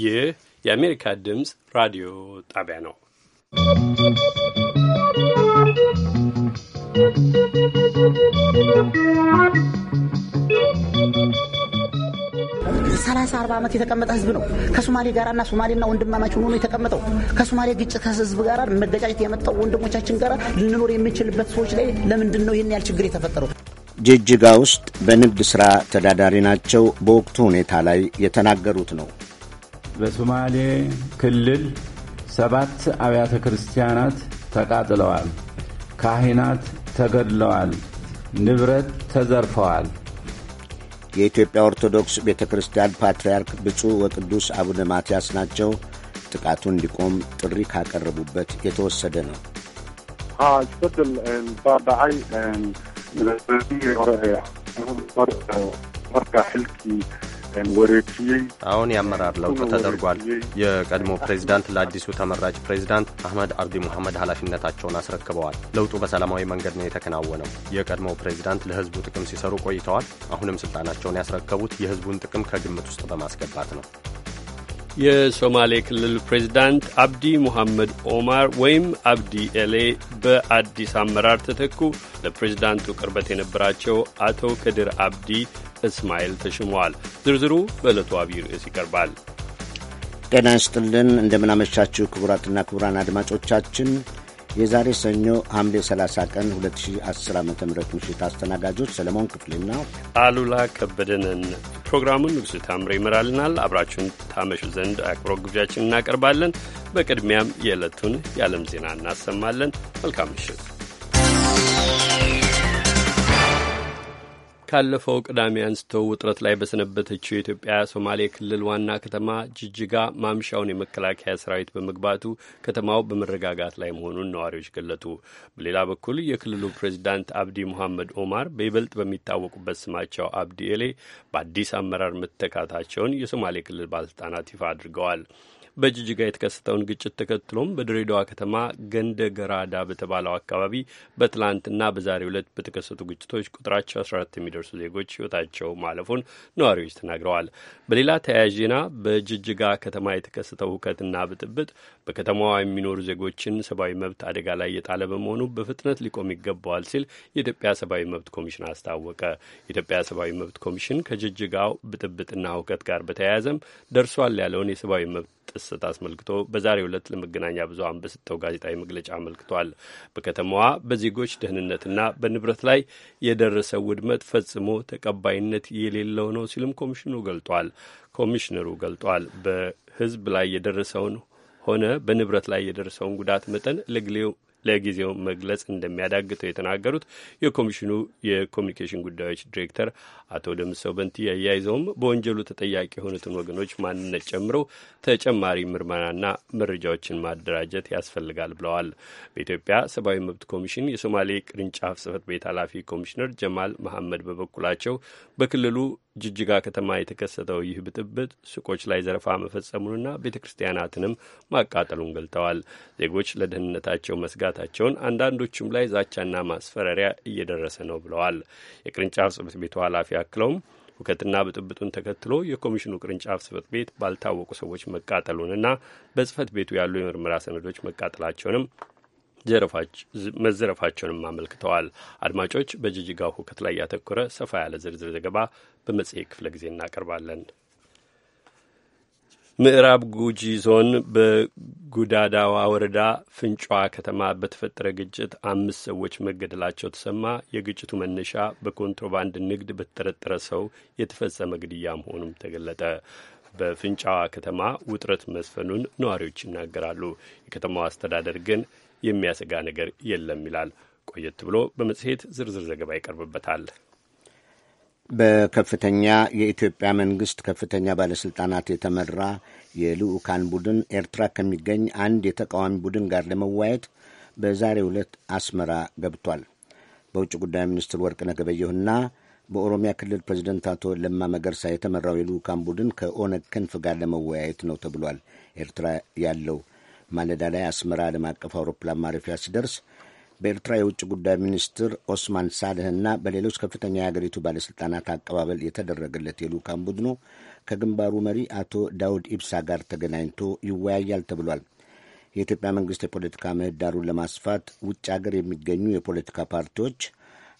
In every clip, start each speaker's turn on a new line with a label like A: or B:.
A: ይህ የአሜሪካ ድምፅ ራዲዮ ጣቢያ ነው።
B: ሰላሳ አርባ ዓመት የተቀመጠ ህዝብ ነው። ከሶማሌ ጋራና ሶማሌና ወንድማማች ሆኖ የተቀመጠው ከሶማሌ ግጭት ከህዝብ ጋር መገጫጨት የመጣው ወንድሞቻችን ጋር ልንኖር የምንችልበት ሰዎች ላይ ለምንድን ነው ይህን ያህል ችግር የተፈጠረው?
C: ጅጅጋ ውስጥ በንግድ ሥራ ተዳዳሪ ናቸው። በወቅቱ ሁኔታ ላይ የተናገሩት ነው።
D: በሶማሌ ክልል ሰባት አብያተ ክርስቲያናት ተቃጥለዋል፣ ካህናት ተገድለዋል፣ ንብረት ተዘርፈዋል። የኢትዮጵያ ኦርቶዶክስ ቤተ ክርስቲያን ፓትርያርክ ብፁዕ ወቅዱስ
C: አቡነ ማትያስ ናቸው። ጥቃቱ እንዲቆም ጥሪ ካቀረቡበት የተወሰደ ነው።
E: አሁን የአመራር
F: ለውጥ ተደርጓል።
G: የቀድሞ ፕሬዚዳንት ለአዲሱ ተመራጭ ፕሬዚዳንት አህመድ አብዲ ሙሐመድ ኃላፊነታቸውን አስረክበዋል። ለውጡ በሰላማዊ መንገድ ነው የተከናወነው። የቀድሞ ፕሬዚዳንት ለህዝቡ ጥቅም ሲሰሩ ቆይተዋል። አሁንም ስልጣናቸውን ያስረከቡት የህዝቡን ጥቅም ከግምት ውስጥ በማስገባት ነው።
A: የሶማሌ ክልል ፕሬዚዳንት አብዲ ሙሐመድ ኦማር ወይም አብዲ ኤሌ በአዲስ አመራር ተተኩ። ለፕሬዚዳንቱ ቅርበት የነበራቸው አቶ ክድር አብዲ እስማኤል ተሽሟል። ዝርዝሩ በዕለቱ አብይ ርዕስ ይቀርባል።
C: ጤና ይስጥልን፣ እንደምናመሻችሁ ክቡራትና ክቡራን አድማጮቻችን የዛሬ ሰኞ ሐምሌ 30 ቀን 2010 ዓ ም ምሽት አስተናጋጆች ሰለሞን
A: ክፍሌና አሉላ ከበደንን። ፕሮግራሙን ንጉሥ ታምሬ ይመራልናል። አብራችሁን ታመሹ ዘንድ አክብሮ ግብዣችን እናቀርባለን። በቅድሚያም የዕለቱን የዓለም ዜና እናሰማለን። መልካም ምሽት። ካለፈው ቅዳሜ አንስቶ ውጥረት ላይ በሰነበተችው የኢትዮጵያ ሶማሌ ክልል ዋና ከተማ ጅጅጋ ማምሻውን የመከላከያ ሰራዊት በመግባቱ ከተማው በመረጋጋት ላይ መሆኑን ነዋሪዎች ገለጡ። በሌላ በኩል የክልሉ ፕሬዚዳንት አብዲ ሙሐመድ ኦማር በይበልጥ በሚታወቁበት ስማቸው አብዲ ኤሌ በአዲስ አመራር መተካታቸውን የሶማሌ ክልል ባለስልጣናት ይፋ አድርገዋል። በጅጅጋ የተከሰተውን ግጭት ተከትሎም በድሬዳዋ ከተማ ገንደ ገራዳ በተባለው አካባቢ በትላንትና በዛሬ ሁለት በተከሰቱ ግጭቶች ቁጥራቸው 14 የሚደርሱ ዜጎች ህይወታቸው ማለፉን ነዋሪዎች ተናግረዋል። በሌላ ተያያዥ ዜና በጅጅጋ ከተማ የተከሰተው ሁከትና ብጥብጥ በከተማዋ የሚኖሩ ዜጎችን ሰብአዊ መብት አደጋ ላይ የጣለ በመሆኑ በፍጥነት ሊቆም ይገባዋል ሲል የኢትዮጵያ ሰብአዊ መብት ኮሚሽን አስታወቀ። የኢትዮጵያ ሰብአዊ መብት ኮሚሽን ከጅጅጋው ብጥብጥና ሁከት ጋር በተያያዘም ደርሷል ያለውን የሰብአዊ መብት ጥሰት አስመልክቶ በዛሬው ዕለት ለመገናኛ ብዙኃን በሰጠው ጋዜጣዊ መግለጫ አመልክቷል። በከተማዋ በዜጎች ደህንነትና በንብረት ላይ የደረሰው ውድመት ፈጽሞ ተቀባይነት የሌለው ነው ሲልም ኮሚሽኑ ገልጧል። ኮሚሽነሩ ገልጧል። በህዝብ ላይ የደረሰውን ሆነ በንብረት ላይ የደረሰውን ጉዳት መጠን ለጊዜው መግለጽ እንደሚያዳግተው የተናገሩት የኮሚሽኑ የኮሚኒኬሽን ጉዳዮች ዲሬክተር አቶ ደምሰው በንቲ አያይዘውም በወንጀሉ ተጠያቂ የሆኑትን ወገኖች ማንነት ጨምሮ ተጨማሪ ምርመራና መረጃዎችን ማደራጀት ያስፈልጋል ብለዋል። በኢትዮጵያ ሰብአዊ መብት ኮሚሽን የሶማሌ ቅርንጫፍ ጽህፈት ቤት ኃላፊ ኮሚሽነር ጀማል መሐመድ በበኩላቸው በክልሉ ጅጅጋ ከተማ የተከሰተው ይህ ብጥብጥ ሱቆች ላይ ዘረፋ መፈጸሙንና ቤተ ክርስቲያናትንም ማቃጠሉን ገልጠዋል። ዜጎች ለደህንነታቸው መስጋታቸውን፣ አንዳንዶቹም ላይ ዛቻና ማስፈራሪያ እየደረሰ ነው ብለዋል። የቅርንጫፍ ጽሕፈት ቤቱ ኃላፊ አክለውም ሁከትና ብጥብጡን ተከትሎ የኮሚሽኑ ቅርንጫፍ ጽሕፈት ቤት ባልታወቁ ሰዎች መቃጠሉንና በጽሕፈት ቤቱ ያሉ የምርመራ ሰነዶች መቃጠላቸውንም መዘረፋቸውንም አመልክተዋል። አድማጮች፣ በጅጅጋው ሁከት ላይ ያተኮረ ሰፋ ያለ ዝርዝር ዘገባ በመጽሔት ክፍለ ጊዜ እናቀርባለን። ምዕራብ ጉጂ ዞን በጉዳዳዋ ወረዳ ፍንጫዋ ከተማ በተፈጠረ ግጭት አምስት ሰዎች መገደላቸው ተሰማ። የግጭቱ መነሻ በኮንትሮባንድ ንግድ በተጠረጠረ ሰው የተፈጸመ ግድያ መሆኑም ተገለጠ። በፍንጫዋ ከተማ ውጥረት መስፈኑን ነዋሪዎች ይናገራሉ። የከተማው አስተዳደር ግን የሚያሰጋ ነገር የለም ይላል። ቆየት ብሎ በመጽሔት ዝርዝር ዘገባ ይቀርብበታል።
C: በከፍተኛ የኢትዮጵያ መንግሥት ከፍተኛ ባለሥልጣናት የተመራ የልዑካን ቡድን ኤርትራ ከሚገኝ አንድ የተቃዋሚ ቡድን ጋር ለመዋየት በዛሬ ዕለት አስመራ ገብቷል። በውጭ ጉዳይ ሚኒስትር ወርቅነህ ገበየሁና በኦሮሚያ ክልል ፕሬዚደንት አቶ ለማ መገርሳ የተመራው የልዑካን ቡድን ከኦነግ ክንፍ ጋር ለመወያየት ነው ተብሏል ኤርትራ ያለው ማለዳ ላይ አስመራ ዓለም አቀፍ አውሮፕላን ማረፊያ ሲደርስ በኤርትራ የውጭ ጉዳይ ሚኒስትር ኦስማን ሳልህና በሌሎች ከፍተኛ የሀገሪቱ ባለሥልጣናት አቀባበል የተደረገለት የልዑካን ቡድኑ ከግንባሩ መሪ አቶ ዳውድ ኢብሳ ጋር ተገናኝቶ ይወያያል ተብሏል። የኢትዮጵያ መንግሥት የፖለቲካ ምህዳሩን ለማስፋት ውጭ አገር የሚገኙ የፖለቲካ ፓርቲዎች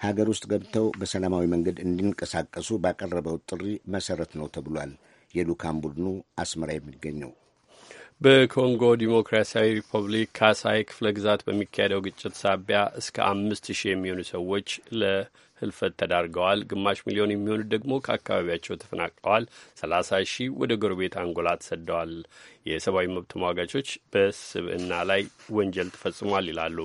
C: ሀገር ውስጥ ገብተው በሰላማዊ መንገድ እንዲንቀሳቀሱ ባቀረበው ጥሪ መሠረት ነው ተብሏል። የልዑካን ቡድኑ አስመራ
A: የሚገኘው በኮንጎ ዲሞክራሲያዊ ሪፐብሊክ ካሳይ ክፍለ ግዛት በሚካሄደው ግጭት ሳቢያ እስከ አምስት ሺህ የሚሆኑ ሰዎች ለህልፈት ተዳርገዋል። ግማሽ ሚሊዮን የሚሆኑ ደግሞ ከአካባቢያቸው ተፈናቅለዋል። ሰላሳ ሺህ ወደ ጎረቤት አንጎላ ተሰደዋል። የሰብአዊ መብት ተሟጋቾች በስብዕና ላይ ወንጀል ተፈጽሟል ይላሉ።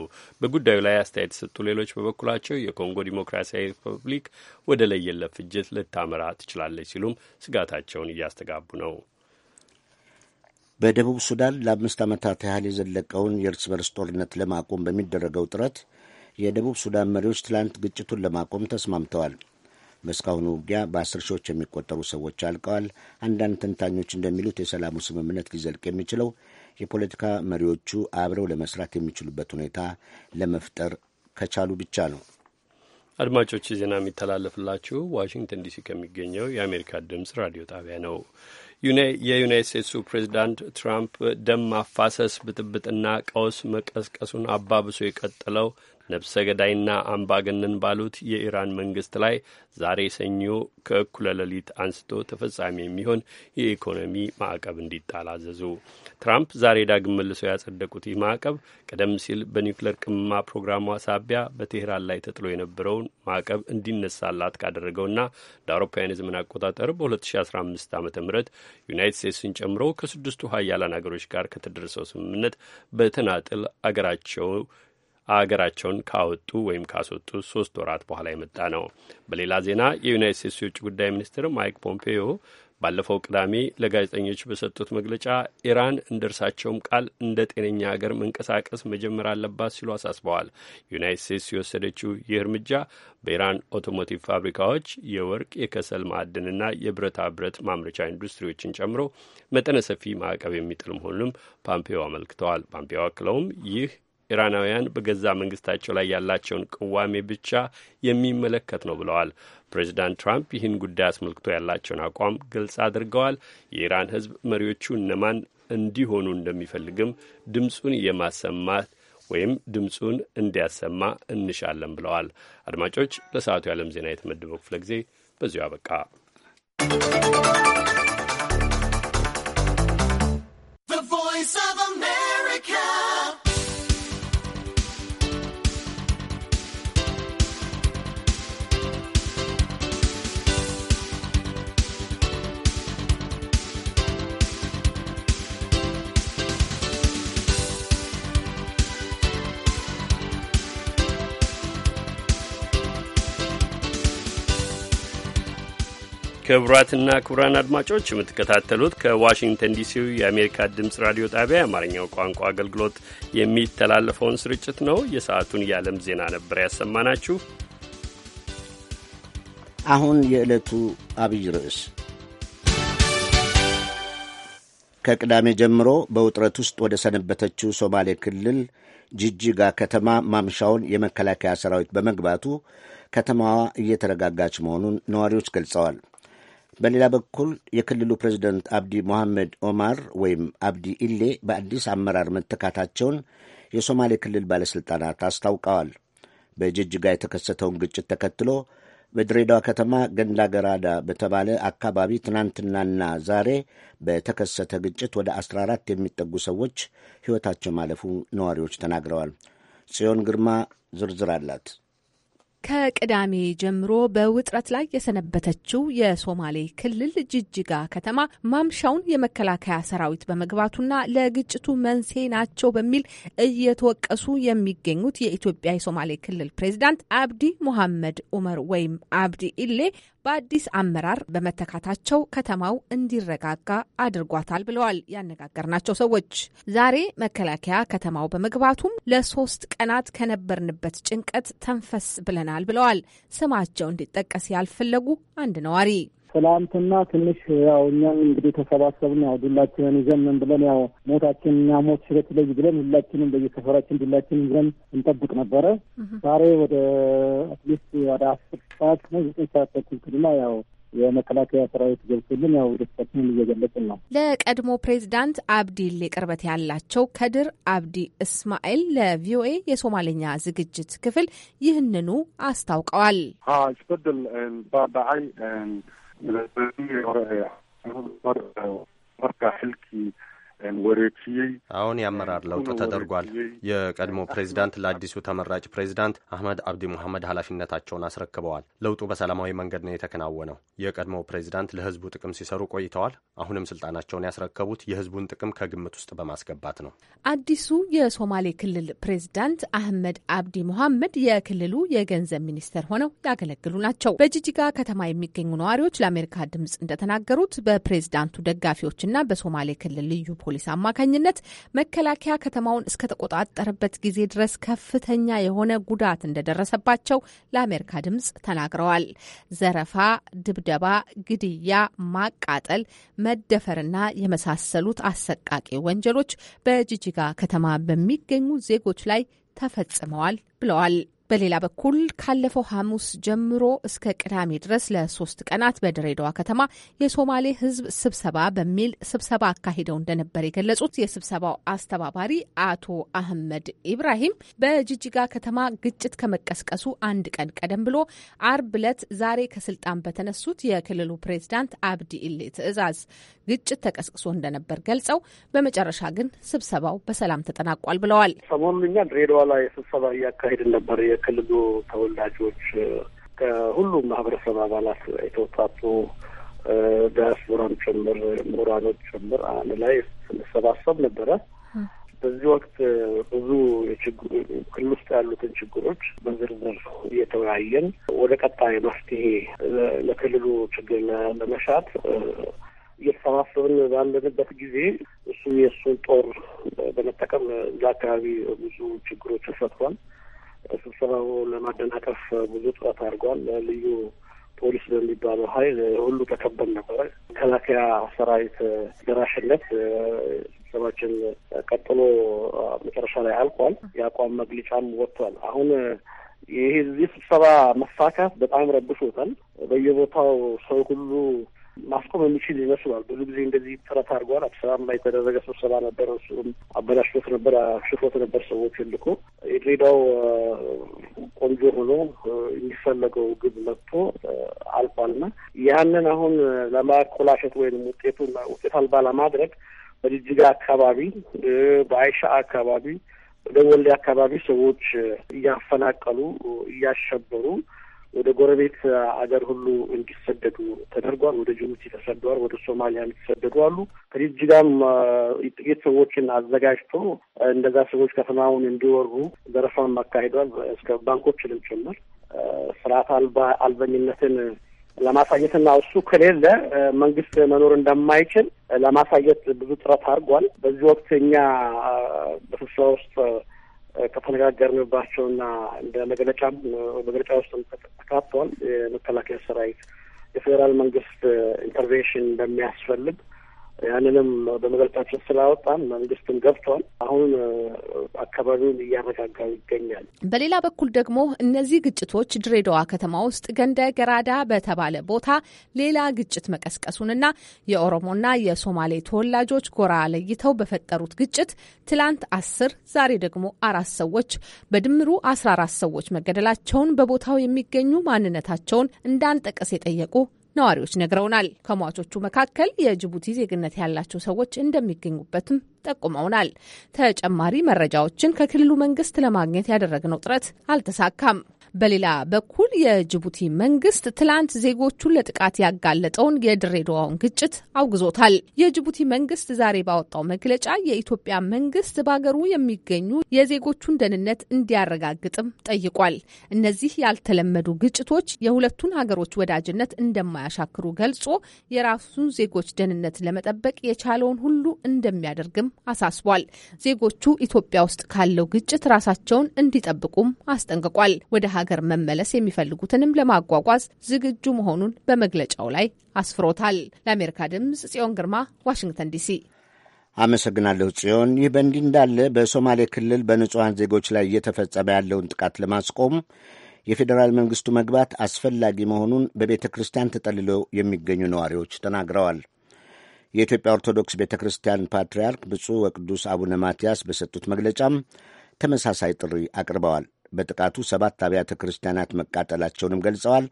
A: በጉዳዩ ላይ አስተያየት የሰጡ ሌሎች በበኩላቸው የኮንጎ ዲሞክራሲያዊ ሪፐብሊክ ወደ ለየለት ፍጅት ልታመራ ትችላለች ሲሉም ስጋታቸውን እያስተጋቡ ነው።
C: በደቡብ ሱዳን ለአምስት ዓመታት ያህል የዘለቀውን የእርስ በርስ ጦርነት ለማቆም በሚደረገው ጥረት የደቡብ ሱዳን መሪዎች ትላንት ግጭቱን ለማቆም ተስማምተዋል። በእስካሁኑ ውጊያ በአስር ሺዎች የሚቆጠሩ ሰዎች አልቀዋል። አንዳንድ ተንታኞች እንደሚሉት የሰላሙ ስምምነት ሊዘልቅ የሚችለው የፖለቲካ መሪዎቹ አብረው ለመስራት የሚችሉበት ሁኔታ ለመፍጠር ከቻሉ ብቻ ነው።
A: አድማጮች ዜና የሚተላለፍላችሁ ዋሽንግተን ዲሲ ከሚገኘው የአሜሪካ ድምፅ ራዲዮ ጣቢያ ነው። የዩናይት ስቴትሱ ፕሬዚዳንት ትራምፕ ደም ማፋሰስ ብጥብጥና ቀውስ መቀስቀሱን አባብሶ የቀጠለው ነብሰ ገዳይና አምባገነን ባሉት የኢራን መንግስት ላይ ዛሬ ሰኞ ከእኩለ ሌሊት አንስቶ ተፈጻሚ የሚሆን የኢኮኖሚ ማዕቀብ እንዲጣል አዘዙ። ትራምፕ ዛሬ ዳግም መልሰው ያጸደቁት ይህ ማዕቀብ ቀደም ሲል በኒውክሌር ቅመማ ፕሮግራሟ ሳቢያ በቴህራን ላይ ተጥሎ የነበረውን ማዕቀብ እንዲነሳላት ካደረገውና እንደ አውሮፓውያን የዘመን አቆጣጠር በ2015 ዓ ም ዩናይት ስቴትስን ጨምሮ ከስድስቱ ሀያላን ሀገሮች ጋር ከተደረሰው ስምምነት በተናጥል አገራቸው አገራቸውን ካወጡ ወይም ካስወጡ ሶስት ወራት በኋላ የመጣ ነው። በሌላ ዜና የዩናይት ስቴትስ የውጭ ጉዳይ ሚኒስትር ማይክ ፖምፔዮ ባለፈው ቅዳሜ ለጋዜጠኞች በሰጡት መግለጫ ኢራን እንደ እርሳቸውም ቃል እንደ ጤነኛ ሀገር መንቀሳቀስ መጀመር አለባት ሲሉ አሳስበዋል። ዩናይት ስቴትስ የወሰደችው ይህ እርምጃ በኢራን ኦቶሞቲቭ ፋብሪካዎች የወርቅ፣ የከሰል ማዕድንና የብረታ ብረት ማምረቻ ኢንዱስትሪዎችን ጨምሮ መጠነ ሰፊ ማዕቀብ የሚጥል መሆኑንም ፓምፔዮ አመልክተዋል። ፓምፔዮ አክለውም ይህ ኢራናውያን በገዛ መንግስታቸው ላይ ያላቸውን ቅዋሜ ብቻ የሚመለከት ነው ብለዋል። ፕሬዚዳንት ትራምፕ ይህን ጉዳይ አስመልክቶ ያላቸውን አቋም ግልጽ አድርገዋል። የኢራን ህዝብ መሪዎቹ እነማን እንዲሆኑ እንደሚፈልግም ድምፁን የማሰማት ወይም ድምፁን እንዲያሰማ እንሻለን ብለዋል። አድማጮች፣ ለሰዓቱ የዓለም ዜና የተመደበው ክፍለ ጊዜ በዚሁ አበቃ። ክቡራትና ክቡራን አድማጮች የምትከታተሉት ከዋሽንግተን ዲሲው የአሜሪካ ድምፅ ራዲዮ ጣቢያ የአማርኛው ቋንቋ አገልግሎት የሚተላለፈውን ስርጭት ነው። የሰዓቱን የዓለም ዜና ነበር ያሰማናችሁ።
C: አሁን የዕለቱ አብይ ርዕስ ከቅዳሜ ጀምሮ በውጥረት ውስጥ ወደ ሰነበተችው ሶማሌ ክልል ጅጅጋ ከተማ ማምሻውን የመከላከያ ሰራዊት በመግባቱ ከተማዋ እየተረጋጋች መሆኑን ነዋሪዎች ገልጸዋል። በሌላ በኩል የክልሉ ፕሬዚደንት አብዲ ሞሐመድ ኦማር ወይም አብዲ ኢሌ በአዲስ አመራር መተካታቸውን የሶማሌ ክልል ባለሥልጣናት አስታውቀዋል። በጅጅጋ የተከሰተውን ግጭት ተከትሎ በድሬዳዋ ከተማ ገንዳ ገራዳ በተባለ አካባቢ ትናንትናና ዛሬ በተከሰተ ግጭት ወደ 14 የሚጠጉ ሰዎች ሕይወታቸው ማለፉ ነዋሪዎች ተናግረዋል። ጽዮን ግርማ ዝርዝር አላት።
H: ከቅዳሜ ጀምሮ በውጥረት ላይ የሰነበተችው የሶማሌ ክልል ጅጅጋ ከተማ ማምሻውን የመከላከያ ሰራዊት በመግባቱና ለግጭቱ መንስኤ ናቸው በሚል እየተወቀሱ የሚገኙት የኢትዮጵያ የሶማሌ ክልል ፕሬዚዳንት አብዲ ሙሐመድ ኡመር ወይም አብዲ ኢሌ በአዲስ አመራር በመተካታቸው ከተማው እንዲረጋጋ አድርጓታል ብለዋል ያነጋገርናቸው ሰዎች። ዛሬ መከላከያ ከተማው በመግባቱም ለሶስት ቀናት ከነበርንበት ጭንቀት ተንፈስ ብለናል ብለዋል ስማቸው እንዲጠቀስ ያልፈለጉ አንድ ነዋሪ
F: ትላንትና ትንሽ ያው እኛም እንግዲህ ተሰባሰብን ያው ዱላችንን ይዘን ብለን ያው ሞታችን እኛ ሞት ሽረት ለይ ብለን ሁላችንም በየሰፈራችን ዱላችን ይዘን እንጠብቅ ነበረ። ዛሬ ወደ አትሊስት ወደ አስር ሰዓት ነው ዘጠኝ ሰዓት ተኩል ክልላ ያው የመከላከያ ሰራዊት ገብቶልን ያው ደስታችንን እየገለጽን ነው።
H: ለቀድሞ ፕሬዚዳንት አብዲሌ ቅርበት ያላቸው ከድር አብዲ እስማኤል ለቪኦኤ የሶማሌኛ ዝግጅት ክፍል ይህንኑ አስታውቀዋል።
F: marka xilkii
G: አሁን የአመራር ለውጥ ተደርጓል። የቀድሞ ፕሬዚዳንት ለአዲሱ ተመራጭ ፕሬዚዳንት አህመድ አብዲ ሙሐመድ ኃላፊነታቸውን አስረክበዋል። ለውጡ በሰላማዊ መንገድ ነው የተከናወነው። የቀድሞ ፕሬዚዳንት ለህዝቡ ጥቅም ሲሰሩ ቆይተዋል። አሁንም ስልጣናቸውን ያስረከቡት የህዝቡን ጥቅም ከግምት ውስጥ በማስገባት ነው።
H: አዲሱ የሶማሌ ክልል ፕሬዚዳንት አህመድ አብዲ ሙሐመድ የክልሉ የገንዘብ ሚኒስተር ሆነው ያገለግሉ ናቸው። በጂጂጋ ከተማ የሚገኙ ነዋሪዎች ለአሜሪካ ድምጽ እንደተናገሩት በፕሬዚዳንቱ ደጋፊዎችና በሶማሌ ክልል ልዩ ፖሊስ አማካኝነት መከላከያ ከተማውን እስከተቆጣጠረበት ጊዜ ድረስ ከፍተኛ የሆነ ጉዳት እንደደረሰባቸው ለአሜሪካ ድምጽ ተናግረዋል። ዘረፋ፣ ድብደባ፣ ግድያ፣ ማቃጠል፣ መደፈርና የመሳሰሉት አሰቃቂ ወንጀሎች በጂጂጋ ከተማ በሚገኙ ዜጎች ላይ ተፈጽመዋል ብለዋል። በሌላ በኩል ካለፈው ሐሙስ ጀምሮ እስከ ቅዳሜ ድረስ ለሶስት ቀናት በድሬዳዋ ከተማ የሶማሌ ሕዝብ ስብሰባ በሚል ስብሰባ አካሂደው እንደነበር የገለጹት የስብሰባው አስተባባሪ አቶ አህመድ ኢብራሂም በጅጅጋ ከተማ ግጭት ከመቀስቀሱ አንድ ቀን ቀደም ብሎ አርብ ዕለት ዛሬ ከስልጣን በተነሱት የክልሉ ፕሬዚዳንት አብዲ ኢሌ ትዕዛዝ ግጭት ተቀስቅሶ እንደነበር ገልጸው በመጨረሻ ግን ስብሰባው በሰላም ተጠናቋል ብለዋል።
F: ሰሞኑን እኛ ድሬዳዋ ላይ ስብሰባ እያካሄድን ነበር የክልሉ ተወላጆች ከሁሉም ማህበረሰብ አባላት የተወጣጡ ዲያስፖራም ጭምር ምሁራኖች ጭምር አንድ ላይ ስንሰባሰብ ነበረ። በዚህ ወቅት ብዙ ክልል ውስጥ ያሉትን ችግሮች በዝርዝር እየተወያየን ወደ ቀጣይ መፍትሄ ለክልሉ ችግር ለመሻት እየተሰባሰብን ባለንበት ጊዜ እሱ የእሱን ጦር በመጠቀም አካባቢ ብዙ ችግሮች ተፈጥሯል። ስብሰባው ለማደናቀፍ ብዙ ጥረት አድርጓል። ልዩ ፖሊስ በሚባለው ኃይል ሁሉ ተከበል ነበረ። መከላከያ ሰራዊት ደራሽነት ስብሰባችን ቀጥሎ መጨረሻ ላይ አልቋል። የአቋም መግለጫም ወጥቷል። አሁን ይህ እዚህ ስብሰባ መሳካት በጣም ረብሾታል። በየቦታው ሰው ሁሉ ማስቆም የሚችል ይመስሏል ብዙ ጊዜ እንደዚህ ጥረት አድርጓል። አዲስ አበባ የተደረገ ስብሰባ ነበር። እሱም አበላሽቶት ነበር፣ አሽፎት ነበር። ሰዎች ልኮ የድሬዳው ቆንጆ ሆኖ የሚፈለገው ግብ መጥቶ አልፏልና ያንን አሁን ለማኮላሸት ወይም ውጤቱ ውጤት አልባ ለማድረግ በጅጅጋ አካባቢ፣ በአይሻ አካባቢ፣ በወልዴ አካባቢ ሰዎች እያፈናቀሉ እያሸበሩ ወደ ጎረቤት አገር ሁሉ እንዲሰደዱ ተደርጓል። ወደ ጅቡቲ ተሰደዋል። ወደ ሶማሊያ የሚሰደዱ አሉ። ከዚህ እጅጋም ጥቂት ሰዎችን አዘጋጅቶ እንደዛ ሰዎች ከተማውን እንዲወሩ ዘረፋም አካሂዷል። እስከ ባንኮችንም ጭምር ስርዓት አልባ አልበኝነትን ለማሳየትና እሱ ከሌለ መንግስት መኖር እንደማይችል ለማሳየት ብዙ ጥረት አድርጓል። በዚህ ወቅት እኛ በስብሰባ ውስጥ ከተነጋገርንባቸውና እንደ መግለጫ መግለጫ ውስጥ ተካቷል። የመከላከያ ሰራዊት የፌዴራል መንግስት ኢንተርቬንሽን እንደሚያስፈልግ ያንንም በመግለጫችን ስላወጣን መንግስትም ገብቷል። አሁን አካባቢውን እያረጋጋ ይገኛል።
H: በሌላ በኩል ደግሞ እነዚህ ግጭቶች ድሬዳዋ ከተማ ውስጥ ገንደ ገራዳ በተባለ ቦታ ሌላ ግጭት መቀስቀሱንና የኦሮሞና የሶማሌ ተወላጆች ጎራ ለይተው በፈጠሩት ግጭት ትላንት አስር ዛሬ ደግሞ አራት ሰዎች በድምሩ አስራ አራት ሰዎች መገደላቸውን በቦታው የሚገኙ ማንነታቸውን እንዳንጠቀስ የጠየቁ ነዋሪዎች ነግረውናል። ከሟቾቹ መካከል የጅቡቲ ዜግነት ያላቸው ሰዎች እንደሚገኙበትም ጠቁመውናል። ተጨማሪ መረጃዎችን ከክልሉ መንግስት ለማግኘት ያደረግነው ጥረት አልተሳካም። በሌላ በኩል የጅቡቲ መንግስት ትላንት ዜጎቹን ለጥቃት ያጋለጠውን የድሬዳዋውን ግጭት አውግዞታል። የጅቡቲ መንግስት ዛሬ ባወጣው መግለጫ የኢትዮጵያ መንግስት በሀገሩ የሚገኙ የዜጎቹን ደህንነት እንዲያረጋግጥም ጠይቋል። እነዚህ ያልተለመዱ ግጭቶች የሁለቱን ሀገሮች ወዳጅነት እንደማያሻክሩ ገልጾ የራሱን ዜጎች ደህንነት ለመጠበቅ የቻለውን ሁሉ እንደሚያደርግም አሳስቧል። ዜጎቹ ኢትዮጵያ ውስጥ ካለው ግጭት ራሳቸውን እንዲጠብቁም አስጠንቅቋል። ወደ ሀገር መመለስ የሚፈልጉትንም ለማጓጓዝ ዝግጁ መሆኑን በመግለጫው ላይ አስፍሮታል። ለአሜሪካ ድምፅ ጽዮን ግርማ፣ ዋሽንግተን ዲሲ።
C: አመሰግናለሁ ጽዮን። ይህ በእንዲህ እንዳለ በሶማሌ ክልል በንጹሐን ዜጎች ላይ እየተፈጸመ ያለውን ጥቃት ለማስቆም የፌዴራል መንግስቱ መግባት አስፈላጊ መሆኑን በቤተ ክርስቲያን ተጠልለው የሚገኙ ነዋሪዎች ተናግረዋል። የኢትዮጵያ ኦርቶዶክስ ቤተ ክርስቲያን ፓትርያርክ ብፁዕ ወቅዱስ አቡነ ማትያስ በሰጡት መግለጫም ተመሳሳይ ጥሪ አቅርበዋል። በጥቃቱ ሰባት አብያተ ክርስቲያናት መቃጠላቸውንም ገልጸዋል።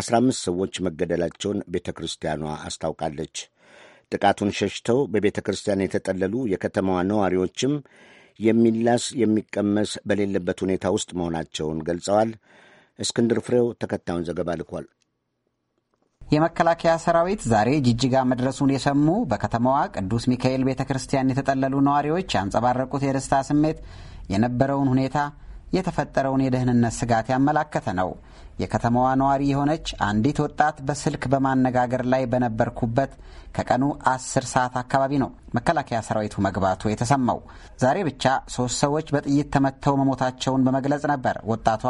C: አስራ አምስት ሰዎች መገደላቸውን ቤተ ክርስቲያኗ አስታውቃለች። ጥቃቱን ሸሽተው በቤተ ክርስቲያን የተጠለሉ የከተማዋ ነዋሪዎችም የሚላስ የሚቀመስ በሌለበት ሁኔታ ውስጥ መሆናቸውን ገልጸዋል። እስክንድር ፍሬው ተከታዩን ዘገባ ልኳል።
I: የመከላከያ ሰራዊት ዛሬ ጅጅጋ መድረሱን የሰሙ በከተማዋ ቅዱስ ሚካኤል ቤተ ክርስቲያን የተጠለሉ ነዋሪዎች ያንጸባረቁት የደስታ ስሜት የነበረውን ሁኔታ የተፈጠረውን የደህንነት ስጋት ያመላከተ ነው። የከተማዋ ነዋሪ የሆነች አንዲት ወጣት በስልክ በማነጋገር ላይ በነበርኩበት ከቀኑ አስር ሰዓት አካባቢ ነው መከላከያ ሰራዊቱ መግባቱ የተሰማው። ዛሬ ብቻ ሶስት ሰዎች በጥይት ተመተው መሞታቸውን በመግለጽ ነበር ወጣቷ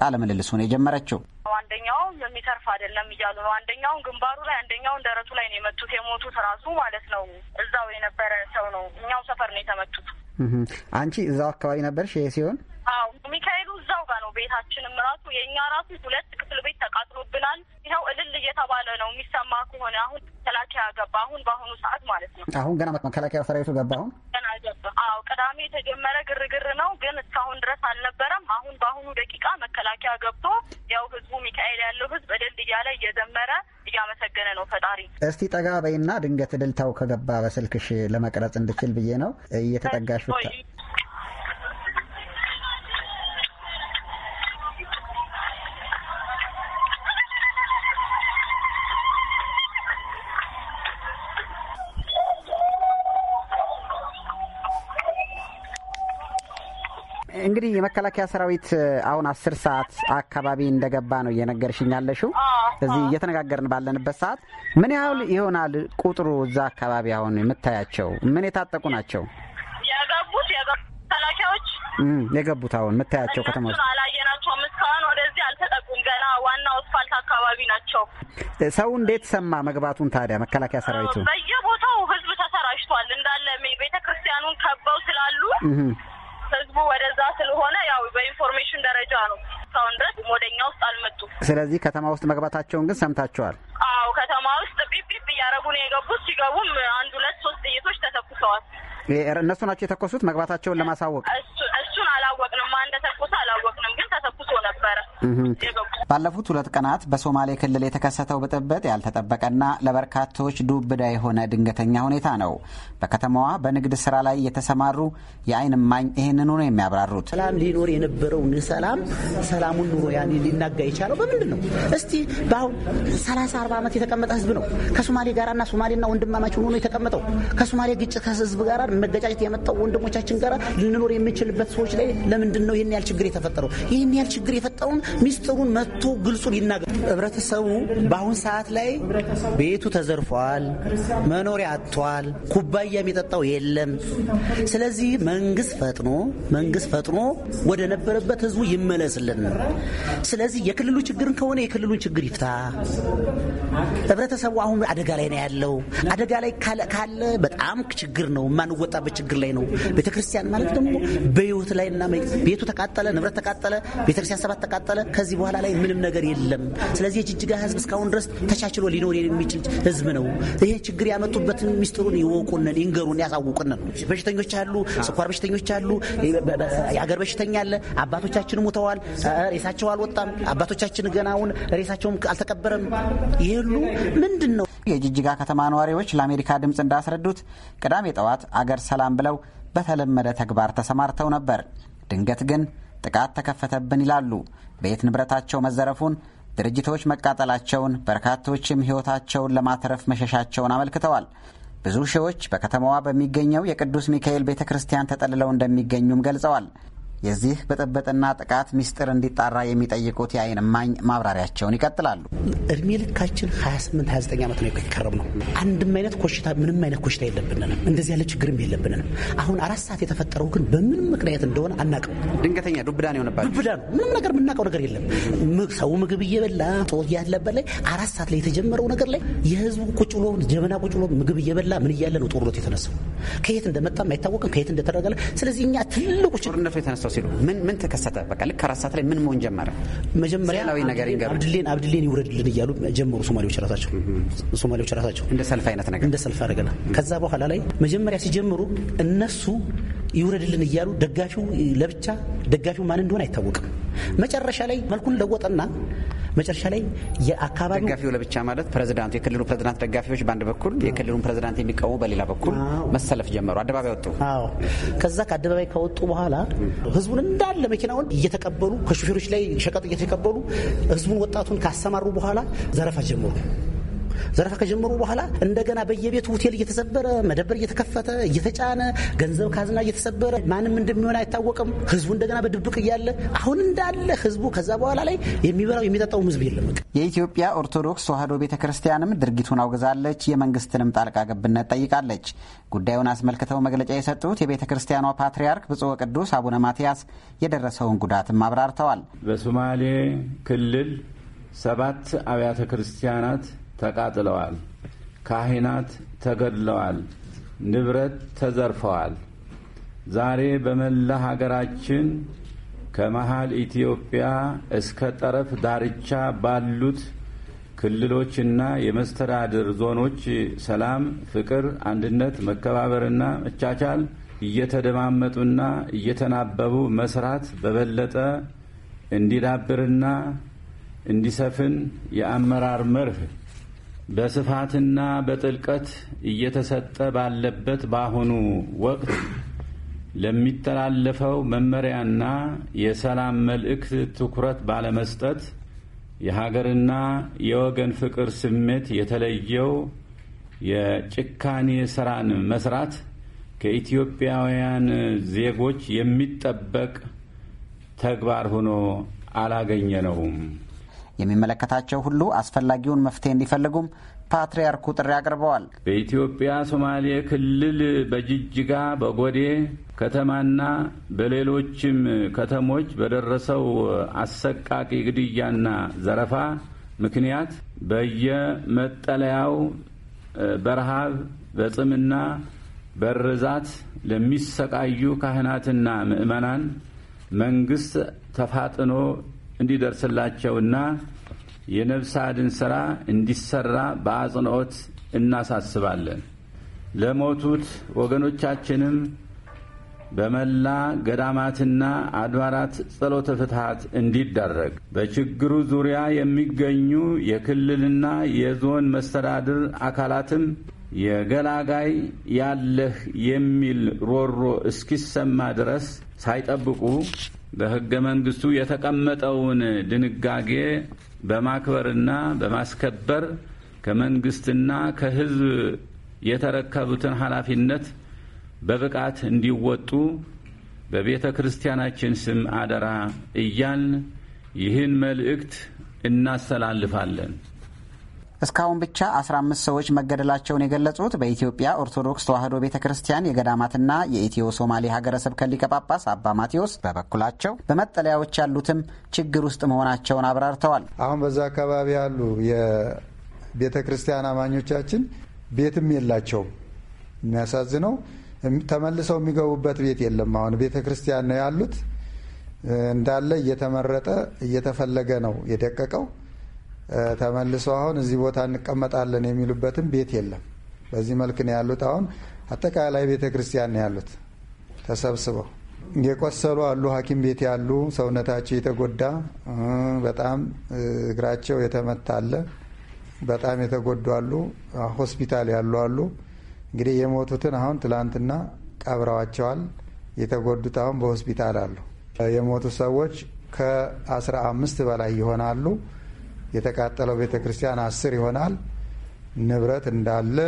I: ቃለ ምልልሱን የጀመረችው። አንደኛው
J: የሚተርፍ አይደለም እያሉ ነው። አንደኛውን ግንባሩ ላይ፣ አንደኛውን ደረቱ ላይ ነው የመቱት። የሞቱት ራሱ ማለት ነው እዛው የነበረ ሰው
I: ነው። እኛው ሰፈር ነው የተመቱት። አንቺ እዛው አካባቢ ነበርሽ ይሄ ሲሆን
J: አዎ ሚካኤሉ እዛው ጋር ነው። ቤታችንም ራሱ የእኛ ራሱ ሁለት ክፍል ቤት ተቃጥሎብናል። ይኸው እልል እየተባለ ነው የሚሰማ ከሆነ አሁን መከላከያ ገባ። አሁን በአሁኑ ሰዓት ማለት ነው።
I: አሁን ገና መከላከያ ሰራዊቱ ገባ። አሁን
J: ገና ገባ። አዎ ቅዳሜ የተጀመረ ግርግር ነው፣ ግን እስካሁን ድረስ አልነበረም። አሁን በአሁኑ ደቂቃ መከላከያ ገብቶ ያው ህዝቡ ሚካኤል ያለው ህዝብ እልል እያለ እየዘመረ እያመሰገነ ነው ፈጣሪ።
I: እስቲ ጠጋ በይና ድንገት እልልታው ከገባ በስልክሽ ለመቅረጽ እንድችል ብዬ ነው እየተጠጋሽ እንግዲህ የመከላከያ ሰራዊት አሁን አስር ሰዓት አካባቢ እንደገባ ነው እየነገርሽኝ ያለሹ። እዚህ እየተነጋገርን ባለንበት ሰዓት ምን ያህል ይሆናል ቁጥሩ? እዛ አካባቢ አሁን የምታያቸው ምን የታጠቁ ናቸው
J: የገቡት? የገቡት መከላከያዎች
I: የገቡት አሁን የምታያቸው ከተማ አላየናቸውም እስካሁን ወደዚህ አልተጠቁም። ገና ዋናው አስፋልት አካባቢ ናቸው። ሰው እንዴት ሰማ መግባቱን ታዲያ? መከላከያ ሰራዊቱ በየቦታው ህዝብ
J: ተሰራጭቷል እንዳለ ቤተክርስቲያኑን ከበው ስላሉ ወደዛ ስለሆነ ያው በኢንፎርሜሽን ደረጃ ነው እስካሁን ድረስ ወደኛ ውስጥ አልመጡም።
I: ስለዚህ ከተማ ውስጥ መግባታቸውን ግን ሰምታቸዋል
J: አዎ ከተማ ውስጥ ቢቢብ እያረጉ ነው የገቡት። ሲገቡም አንድ ሁለት ሶስት ጥይቶች ተተኩሰዋል።
I: እነሱ ናቸው የተኮሱት መግባታቸውን ለማሳወቅ
J: እሱን አላወቅንም። ማን እንደተኮሰ አላወቅንም፣ ግን
I: ተተኩሶ ነበረ። ባለፉት ሁለት ቀናት በሶማሌ ክልል የተከሰተው ብጥብጥ ያልተጠበቀና ለበርካቶች ዱብዳ የሆነ ድንገተኛ ሁኔታ ነው። በከተማዋ በንግድ ስራ ላይ የተሰማሩ የአይን እማኝ ይህንኑ ነው የሚያብራሩት። ሰላም
B: ሊኖር የነበረውን ሰላም ሰላሙን ኑሮ ያን ሊናጋ የቻለው በምንድን ነው? እስቲ በአሁን ሰላሳ አርባ ዓመት የተቀመጠ ህዝብ ነው ከሶማሌ ጋራና ሶማሌና ወንድማማች ሆኖ የተቀመጠው ከሶማሌ ግጭት ከህዝብ ጋራ መገጫጨት የመጣው ወንድሞቻችን ጋራ ልንኖር የምንችልበት ሰዎች ላይ ለምንድን ነው ይህን ያህል ችግር የተፈጠረው? ይህን ያህል ችግር የፈጠረውን ሚስጥሩን መጥቶ ግልጹን ይናገር። ህብረተሰቡ በአሁን ሰዓት ላይ ቤቱ ተዘርፏል፣ መኖሪያ አጥቷል፣ ኩባያ የሚጠጣው የለም። ስለዚህ መንግስት ፈጥኖ መንግስት ፈጥኖ ወደ ነበረበት ህዝቡ ይመለስልን። ስለዚህ የክልሉ ችግርን ከሆነ የክልሉን ችግር ይፍታ። ህብረተሰቡ አሁን አደጋ ላይ ነው ያለው። አደጋ ላይ ካለ በጣም ችግር ነው፣ የማንወጣበት ችግር ላይ ነው። ቤተክርስቲያን ማለት ደግሞ በህይወት ላይ እና ቤቱ ተቃጠለ፣ ንብረት ተቃጠለ፣ ቤተክርስቲያን ሰባት ተቃጠለ ካለ ከዚህ በኋላ ላይ ምንም ነገር የለም። ስለዚህ የጅጅጋ ህዝብ እስካሁን ድረስ ተቻችሎ ሊኖር የሚችል ህዝብ ነው። ይሄ ችግር ያመጡበትን ሚስጥሩን ይወቁንን፣ ይንገሩን፣ ያሳውቁንን። በሽተኞች አሉ፣ ስኳር በሽተኞች አሉ፣ የአገር በሽተኛ አለ። አባቶቻችን ሙተዋል፣ ሬሳቸው አልወጣም። አባቶቻችን ገናውን ሬሳቸውም አልተቀበረም።
I: ይህ ሁሉ ምንድን ነው? የጅጅጋ ከተማ ነዋሪዎች ለአሜሪካ ድምፅ እንዳስረዱት ቅዳሜ ጠዋት አገር ሰላም ብለው በተለመደ ተግባር ተሰማርተው ነበር። ድንገት ግን ጥቃት ተከፈተብን ይላሉ ቤት ንብረታቸው መዘረፉን፣ ድርጅቶች መቃጠላቸውን፣ በርካቶችም ሕይወታቸውን ለማትረፍ መሸሻቸውን አመልክተዋል። ብዙ ሺዎች በከተማዋ በሚገኘው የቅዱስ ሚካኤል ቤተ ክርስቲያን ተጠልለው እንደሚገኙም ገልጸዋል። የዚህ ብጥብጥና ጥቃት ሚስጥር እንዲጣራ የሚጠይቁት የአይን እማኝ ማብራሪያቸውን ይቀጥላሉ።
B: እድሜ ልካችን 28 29 ዓመት ነው የቀረብ ነው። አንድም አይነት ኮሽታ ምንም አይነት ኮሽታ የለብንንም። እንደዚህ ያለ ችግርም የለብንንም። አሁን አራት ሰዓት የተፈጠረው ግን በምን ምክንያት እንደሆነ አናቅም። ድንገተኛ ዱብዳ ነው ዱብዳ ነው። ምንም ነገር የምናውቀው ነገር የለም። ሰው ምግብ እየበላ ጦር ያለበት ላይ አራት ሰዓት ላይ የተጀመረው ነገር ላይ የህዝቡ ቁጭ ብሎ ጀበና ቁጭ ብሎ ምግብ እየበላ ምን እያለ ነው ጦርነት የተነሳው። ከየት እንደመጣም አይታወቅም፣ ከየት እንደተደረገለ። ስለዚህ እኛ ትልቁ ጦርነቱ የተነሳው የደረሰው ሲሉ ምን ምን ተከሰተ? በቃ ልክ አራት ሰዓት ላይ ምን መሆን ጀመረ? መጀመሪያ ነገር አብድሌን አብድሌን ይውረድልን እያሉ ጀመሩ። ሶማሌዎች ራሳቸው ሶማሌዎች ራሳቸው እንደ ሰልፍ አይነት ነገር እንደ ሰልፍ አደረገና ከዛ በኋላ ላይ መጀመሪያ ሲጀምሩ እነሱ ይውረድልን እያሉ ደጋፊው ለብቻ ደጋፊው ማን እንደሆነ አይታወቅም። መጨረሻ ላይ መልኩን ለወጠና መጨረሻ ላይ የአካባቢ ደጋፊው ለብቻ
I: ማለት ፕሬዚዳንቱ የክልሉ ፕሬዚዳንት ደጋፊዎች በአንድ በኩል የክልሉን ፕሬዚዳንት የሚቃወሙ በሌላ በኩል መሰለፍ
B: ጀመሩ። አደባባይ ወጡ። አዎ፣ ከዛ ከአደባባይ ከወጡ በኋላ ህዝቡን እንዳለ መኪናውን እየተቀበሉ ከሾፌሮች ላይ ሸቀጥ እየተቀበሉ ህዝቡን ወጣቱን ካሰማሩ በኋላ ዘረፋ ጀመሩ። ዘረፋ ከጀመሩ በኋላ እንደገና በየቤቱ ሆቴል እየተሰበረ መደብር እየተከፈተ እየተጫነ ገንዘብ ካዝና እየተሰበረ ማንም እንደሚሆን አይታወቅም። ህዝቡ እንደገና በድብቅ እያለ አሁን እንዳለ ህዝቡ ከዛ በኋላ ላይ የሚበላው የሚጠጣው ህዝብ የለም።
I: የኢትዮጵያ ኦርቶዶክስ ተዋሕዶ ቤተ ክርስቲያንም ድርጊቱን አውግዛለች፣ የመንግስትንም ጣልቃ ገብነት ጠይቃለች። ጉዳዩን አስመልክተው መግለጫ የሰጡት የቤተ ክርስቲያኗ ፓትርያርክ ብፁዕ ቅዱስ አቡነ ማትያስ የደረሰውን ጉዳትም
D: አብራርተዋል። በሶማሌ ክልል ሰባት አብያተ ክርስቲያናት ተቃጥለዋል። ካህናት ተገድለዋል። ንብረት ተዘርፈዋል። ዛሬ በመላ ሀገራችን ከመሃል ኢትዮጵያ እስከ ጠረፍ ዳርቻ ባሉት ክልሎችና የመስተዳድር ዞኖች ሰላም፣ ፍቅር፣ አንድነት፣ መከባበርና መቻቻል እየተደማመጡና እየተናበቡ መስራት በበለጠ እንዲዳብርና እንዲሰፍን የአመራር መርህ በስፋትና በጥልቀት እየተሰጠ ባለበት በአሁኑ ወቅት ለሚተላለፈው መመሪያና የሰላም መልእክት ትኩረት ባለመስጠት የሀገርና የወገን ፍቅር ስሜት የተለየው የጭካኔ ስራን መስራት ከኢትዮጵያውያን ዜጎች የሚጠበቅ ተግባር ሆኖ አላገኘ ነውም።
I: የሚመለከታቸው ሁሉ አስፈላጊውን መፍትሄ እንዲፈልጉም ፓትርያርኩ ጥሪ አቅርበዋል።
D: በኢትዮጵያ ሶማሌ ክልል በጅጅጋ በጎዴ ከተማና በሌሎችም ከተሞች በደረሰው አሰቃቂ ግድያና ዘረፋ ምክንያት በየመጠለያው በረሃብ በጽምና በርዛት ለሚሰቃዩ ካህናትና ምዕመናን መንግስት ተፋጥኖ እንዲደርስላቸውና የነፍስ አድን ሥራ እንዲሰራ በአጽንኦት እናሳስባለን። ለሞቱት ወገኖቻችንም በመላ ገዳማትና አድባራት ጸሎተ ፍትሐት እንዲደረግ በችግሩ ዙሪያ የሚገኙ የክልልና የዞን መስተዳድር አካላትም የገላጋይ ያለህ የሚል ሮሮ እስኪሰማ ድረስ ሳይጠብቁ በህገ መንግስቱ የተቀመጠውን ድንጋጌ በማክበርና በማስከበር ከመንግስትና ከህዝብ የተረከቡትን ኃላፊነት በብቃት እንዲወጡ በቤተ ክርስቲያናችን ስም አደራ እያልን ይህን መልእክት እናስተላልፋለን።
I: እስካሁን ብቻ 15 ሰዎች መገደላቸውን የገለጹት በኢትዮጵያ ኦርቶዶክስ ተዋሕዶ ቤተ ክርስቲያን የገዳማትና የኢትዮ ሶማሌ ሀገረ ስብከት ሊቀ ጳጳስ አባ ማቴዎስ በበኩላቸው በመጠለያዎች ያሉትም ችግር ውስጥ መሆናቸውን አብራርተዋል። አሁን በዛ አካባቢ ያሉ የቤተ
E: ክርስቲያን አማኞቻችን ቤትም የላቸውም። የሚያሳዝነው ተመልሰው የሚገቡበት ቤት የለም። አሁን ቤተ ክርስቲያን ነው ያሉት። እንዳለ እየተመረጠ እየተፈለገ ነው የደቀቀው። ተመልሰው አሁን እዚህ ቦታ እንቀመጣለን የሚሉበትም ቤት የለም። በዚህ መልክ ነው ያሉት። አሁን አጠቃላይ ቤተ ክርስቲያን ነው ያሉት ተሰብስበው። የቆሰሉ አሉ፣ ሐኪም ቤት ያሉ ሰውነታቸው የተጎዳ በጣም እግራቸው የተመታ አለ፣ በጣም የተጎዱ አሉ፣ ሆስፒታል ያሉ አሉ። እንግዲህ የሞቱትን አሁን ትላንትና ቀብረዋቸዋል። የተጎዱት አሁን በሆስፒታል አሉ። የሞቱ ሰዎች ከአስራ አምስት በላይ ይሆናሉ። የተቃጠለው ቤተ ክርስቲያን አስር ይሆናል ንብረት እንዳለ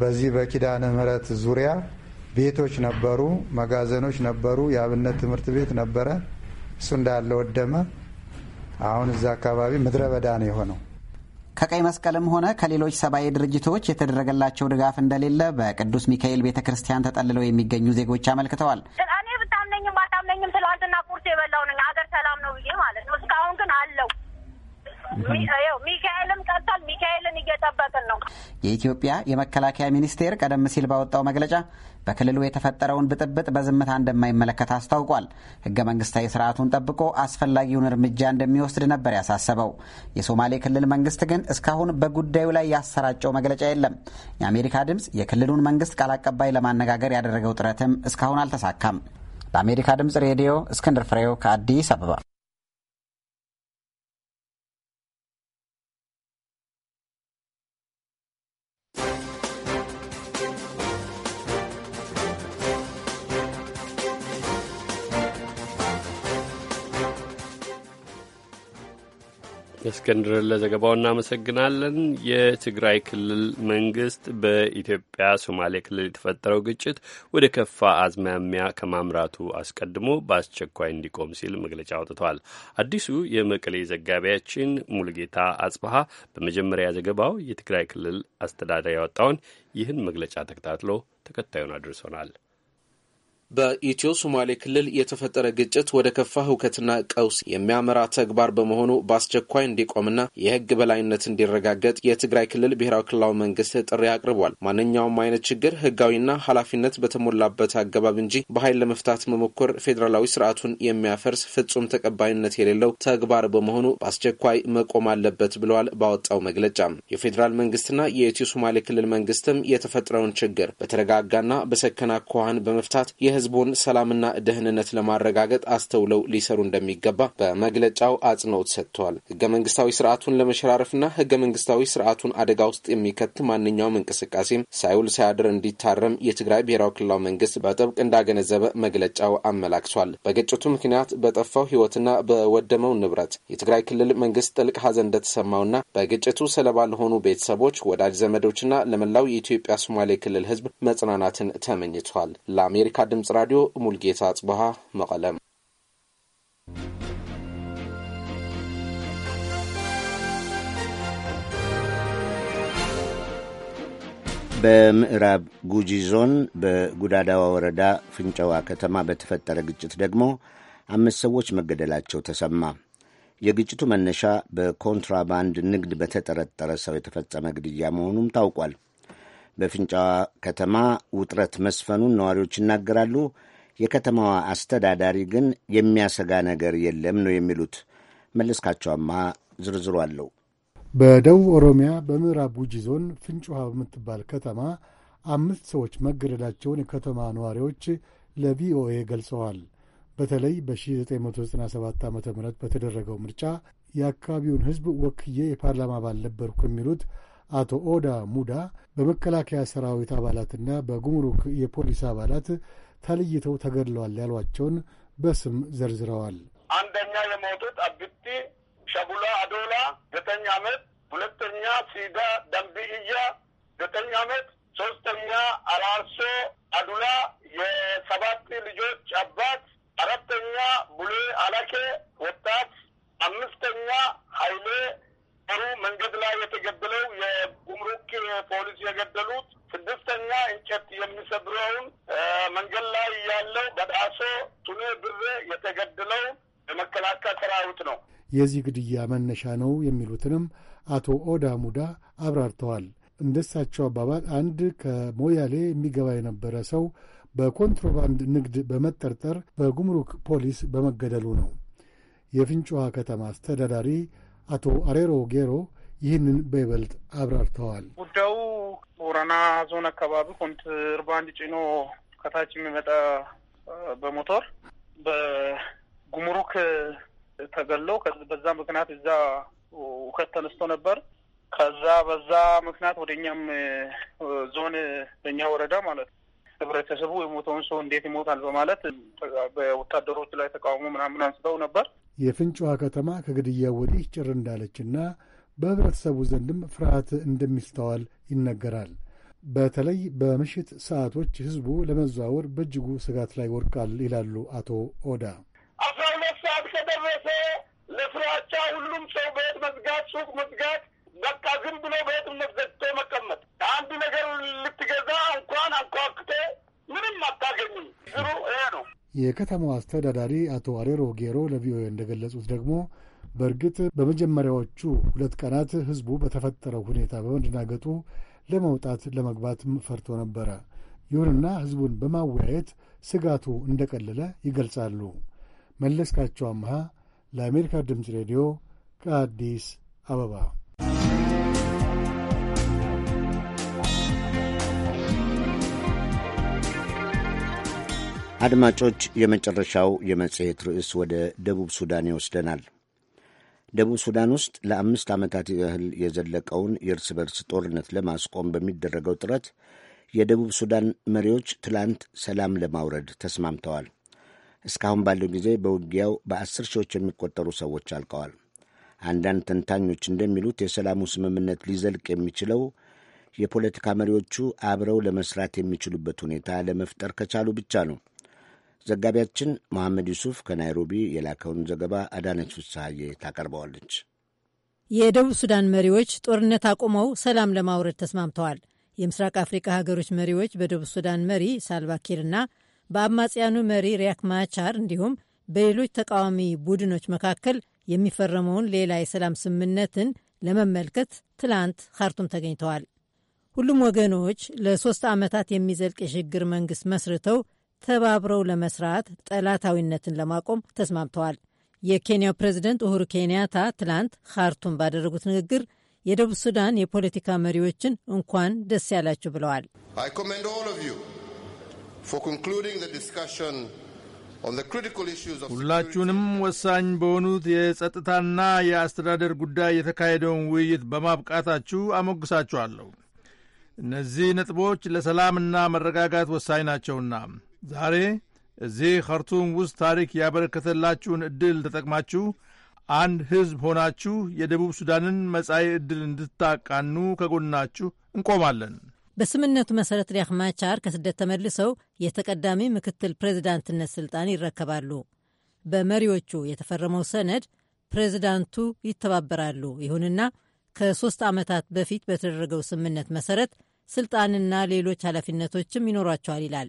E: በዚህ በኪዳነ ምሕረት ዙሪያ ቤቶች ነበሩ፣ መጋዘኖች ነበሩ፣ የአብነት ትምህርት ቤት ነበረ። እሱ እንዳለ
I: ወደመ። አሁን እዛ አካባቢ ምድረ
E: በዳ ነው የሆነው።
I: ከቀይ መስቀልም ሆነ ከሌሎች ሰብአዊ ድርጅቶች የተደረገላቸው ድጋፍ እንደሌለ በቅዱስ ሚካኤል ቤተ ክርስቲያን ተጠልለው የሚገኙ ዜጎች አመልክተዋል። እኔ ብታምነኝም ባታምነኝም ትላንትና ቁርስ የበላው ነኝ አገር ሰላም
J: ነው ብዬ ማለት ነው። እስካሁን ግን አለው ሚካኤልም ቀርቷል። ሚካኤልን እየጠበቅን
I: ነው። የኢትዮጵያ የመከላከያ ሚኒስቴር ቀደም ሲል ባወጣው መግለጫ በክልሉ የተፈጠረውን ብጥብጥ በዝምታ እንደማይመለከት አስታውቋል። ህገ መንግስታዊ ስርዓቱን ጠብቆ አስፈላጊውን እርምጃ እንደሚወስድ ነበር ያሳሰበው። የሶማሌ ክልል መንግስት ግን እስካሁን በጉዳዩ ላይ ያሰራጨው መግለጫ የለም። የአሜሪካ ድምፅ የክልሉን መንግስት ቃል አቀባይ ለማነጋገር ያደረገው ጥረትም እስካሁን አልተሳካም። ለአሜሪካ ድምፅ ሬዲዮ እስክንድር ፍሬው ከአዲስ አበባ
A: እስክንድርን ለዘገባው እናመሰግናለን። የትግራይ ክልል መንግስት በኢትዮጵያ ሶማሌ ክልል የተፈጠረው ግጭት ወደ ከፋ አዝማሚያ ከማምራቱ አስቀድሞ በአስቸኳይ እንዲቆም ሲል መግለጫ አውጥቷል። አዲሱ የመቀሌ ዘጋቢያችን ሙልጌታ አጽበሀ በመጀመሪያ ዘገባው የትግራይ ክልል አስተዳደር ያወጣውን ይህን መግለጫ ተከታትሎ ተከታዩን አድርሶናል።
K: በኢትዮ ሶማሌ ክልል የተፈጠረ ግጭት ወደ ከፋ ህውከትና ቀውስ የሚያመራ ተግባር በመሆኑ በአስቸኳይ እንዲቆምና የህግ በላይነት እንዲረጋገጥ የትግራይ ክልል ብሔራዊ ክልላዊ መንግስት ጥሪ አቅርቧል። ማንኛውም አይነት ችግር ህጋዊና ኃላፊነት በተሞላበት አገባብ እንጂ በኃይል ለመፍታት መሞከር ፌዴራላዊ ስርዓቱን የሚያፈርስ ፍጹም ተቀባይነት የሌለው ተግባር በመሆኑ በአስቸኳይ መቆም አለበት ብለዋል። ባወጣው መግለጫ የፌዴራል መንግስትና የኢትዮ ሶማሌ ክልል መንግስትም የተፈጠረውን ችግር በተረጋጋና በሰከና አኳኋን በመፍታት የህዝቡን ሰላምና ደህንነት ለማረጋገጥ አስተውለው ሊሰሩ እንደሚገባ በመግለጫው አጽንኦት ሰጥተዋል። ህገ መንግስታዊ ስርዓቱን ለመሸራረፍና ህገ መንግስታዊ ስርዓቱን አደጋ ውስጥ የሚከት ማንኛውም እንቅስቃሴም ሳይውል ሳያድር እንዲታረም የትግራይ ብሔራዊ ክልላዊ መንግስት በጥብቅ እንዳገነዘበ መግለጫው አመላክቷል። በግጭቱ ምክንያት በጠፋው ህይወትና በወደመው ንብረት የትግራይ ክልል መንግስት ጥልቅ ሀዘን እንደተሰማውና በግጭቱ ሰለባ ለሆኑ ቤተሰቦች፣ ወዳጅ ዘመዶችና ለመላው የኢትዮጵያ ሶማሌ ክልል ህዝብ መጽናናትን ተመኝቷል። ለአሜሪካ ድምጽ ድምፅ ራዲዮ ሙልጌታ አጽበሃ መቐለም
C: በምዕራብ ጉጂ ዞን በጉዳዳዋ ወረዳ ፍንጨዋ ከተማ በተፈጠረ ግጭት ደግሞ አምስት ሰዎች መገደላቸው ተሰማ። የግጭቱ መነሻ በኮንትራባንድ ንግድ በተጠረጠረ ሰው የተፈጸመ ግድያ መሆኑም ታውቋል። በፍንጫዋ ከተማ ውጥረት መስፈኑን ነዋሪዎች ይናገራሉ። የከተማዋ አስተዳዳሪ ግን የሚያሰጋ ነገር የለም ነው የሚሉት። መለስካቸዋማ ዝርዝሩ አለው።
L: በደቡብ ኦሮሚያ በምዕራብ ጉጂ ዞን ፍንጭ ውሃ በምትባል ከተማ አምስት ሰዎች መገደላቸውን የከተማ ነዋሪዎች ለቪኦኤ ገልጸዋል። በተለይ በ1997 ዓ ም በተደረገው ምርጫ የአካባቢውን ሕዝብ ወክዬ የፓርላማ አባል ነበርኩ የሚሉት አቶ ኦዳ ሙዳ በመከላከያ ሰራዊት አባላትና በጉምሩክ የፖሊስ አባላት ተለይተው ተገድለዋል ያሏቸውን በስም ዘርዝረዋል። አንደኛ የሞቱት አብቲ ሸቡላ
F: አዶላ ዘጠኝ ዓመት፣ ሁለተኛ ሲዳ ደንቢእያ ዘጠኝ ዓመት፣ ሶስተኛ አራርሶ አዱላ የሰባት ልጆች አባት
L: የዚህ ግድያ መነሻ ነው የሚሉትንም አቶ ኦዳ ሙዳ አብራርተዋል። እንደሳቸው አባባል አንድ ከሞያሌ የሚገባ የነበረ ሰው በኮንትሮባንድ ንግድ በመጠርጠር በጉምሩክ ፖሊስ በመገደሉ ነው። የፍንጫዋ ከተማ አስተዳዳሪ አቶ አሬሮ ጌሮ ይህንን በይበልጥ አብራርተዋል።
G: ጉዳዩ ቦረና ዞን አካባቢ ኮንትርባንድ ጭኖ ከታች የሚመጣ በሞተር በጉምሩክ ተገሎ በዛ ምክንያት እዛ ውከት ተነስቶ ነበር። ከዛ በዛ ምክንያት ወደ እኛም ዞን በእኛ ወረዳ ማለት ነው ህብረተሰቡ የሞተውን ሰው እንዴት ይሞታል በማለት በወታደሮች ላይ ተቃውሞ ምናምን አንስተው ነበር።
L: የፍንጫዋ ከተማ ከግድያው ወዲህ ጭር እንዳለችና በህብረተሰቡ ዘንድም ፍርሃት እንደሚስተዋል ይነገራል። በተለይ በምሽት ሰዓቶች ህዝቡ ለመዘዋወር በእጅጉ ስጋት ላይ ወድቃል ይላሉ አቶ ኦዳ። አስራ ጉዳት ከደረሰ
F: ለፍራቻ ሁሉም ሰው ቤት መዝጋት፣ ሱቅ መዝጋት፣ በቃ ዝም ብሎ ቤትነት ዘግቶ መቀመጥ። አንድ ነገር ልትገዛ እንኳን አንኳክቴ ምንም አታገኝም። ዝሩ
L: ይሄ ነው። የከተማው አስተዳዳሪ አቶ አሬሮ ጌሮ ለቪኦኤ እንደገለጹት ደግሞ በእርግጥ በመጀመሪያዎቹ ሁለት ቀናት ህዝቡ በተፈጠረው ሁኔታ በመደናገጡ ለመውጣት ለመግባት ፈርቶ ነበረ። ይሁንና ህዝቡን በማወያየት ስጋቱ እንደቀለለ ይገልጻሉ። መለስካቸው አምሃ ለአሜሪካ ድምፅ ሬዲዮ ከአዲስ አበባ።
C: አድማጮች፣ የመጨረሻው የመጽሔት ርዕስ ወደ ደቡብ ሱዳን ይወስደናል። ደቡብ ሱዳን ውስጥ ለአምስት ዓመታት ያህል የዘለቀውን የእርስ በርስ ጦርነት ለማስቆም በሚደረገው ጥረት የደቡብ ሱዳን መሪዎች ትላንት ሰላም ለማውረድ ተስማምተዋል። እስካሁን ባለው ጊዜ በውጊያው በአስር ሺዎች የሚቆጠሩ ሰዎች አልቀዋል። አንዳንድ ተንታኞች እንደሚሉት የሰላሙ ስምምነት ሊዘልቅ የሚችለው የፖለቲካ መሪዎቹ አብረው ለመስራት የሚችሉበት ሁኔታ ለመፍጠር ከቻሉ ብቻ ነው። ዘጋቢያችን መሐመድ ዩሱፍ ከናይሮቢ የላከውን ዘገባ አዳነች ፍስሐዬ ታቀርበዋለች።
M: የደቡብ ሱዳን መሪዎች ጦርነት አቁመው ሰላም ለማውረድ ተስማምተዋል። የምስራቅ አፍሪካ ሀገሮች መሪዎች በደቡብ ሱዳን መሪ ሳልቫኪርና በአማጽያኑ መሪ ሪያክ ማቻር እንዲሁም በሌሎች ተቃዋሚ ቡድኖች መካከል የሚፈረመውን ሌላ የሰላም ስምምነትን ለመመልከት ትላንት ካርቱም ተገኝተዋል። ሁሉም ወገኖች ለሶስት ዓመታት የሚዘልቅ የሽግግር መንግሥት መስርተው ተባብረው ለመስራት ጠላታዊነትን ለማቆም ተስማምተዋል። የኬንያው ፕሬዚደንት ኡሁሩ ኬንያታ ትላንት ካርቱም ባደረጉት ንግግር የደቡብ ሱዳን የፖለቲካ መሪዎችን እንኳን ደስ ያላችሁ ብለዋል። ሁላችሁንም ወሳኝ በሆኑት
N: የጸጥታና የአስተዳደር ጉዳይ የተካሄደውን ውይይት በማብቃታችሁ አሞግሳችኋለሁ። እነዚህ ነጥቦች ለሰላምና መረጋጋት ወሳኝ ናቸውና ዛሬ እዚህ ኸርቱም ውስጥ ታሪክ ያበረከተላችሁን ዕድል ተጠቅማችሁ አንድ ሕዝብ ሆናችሁ የደቡብ ሱዳንን መጻኢ ዕድል እንድታቃኑ ከጎናችሁ እንቆማለን።
M: በስምነቱ መሰረት ሪያክ ማቻር ከስደት ተመልሰው የተቀዳሚ ምክትል ፕሬዚዳንትነት ስልጣን ይረከባሉ። በመሪዎቹ የተፈረመው ሰነድ ፕሬዚዳንቱ ይተባበራሉ። ይሁንና ከሶስት ዓመታት በፊት በተደረገው ስምነት መሰረት ስልጣንና ሌሎች ኃላፊነቶችም ይኖሯቸዋል ይላል።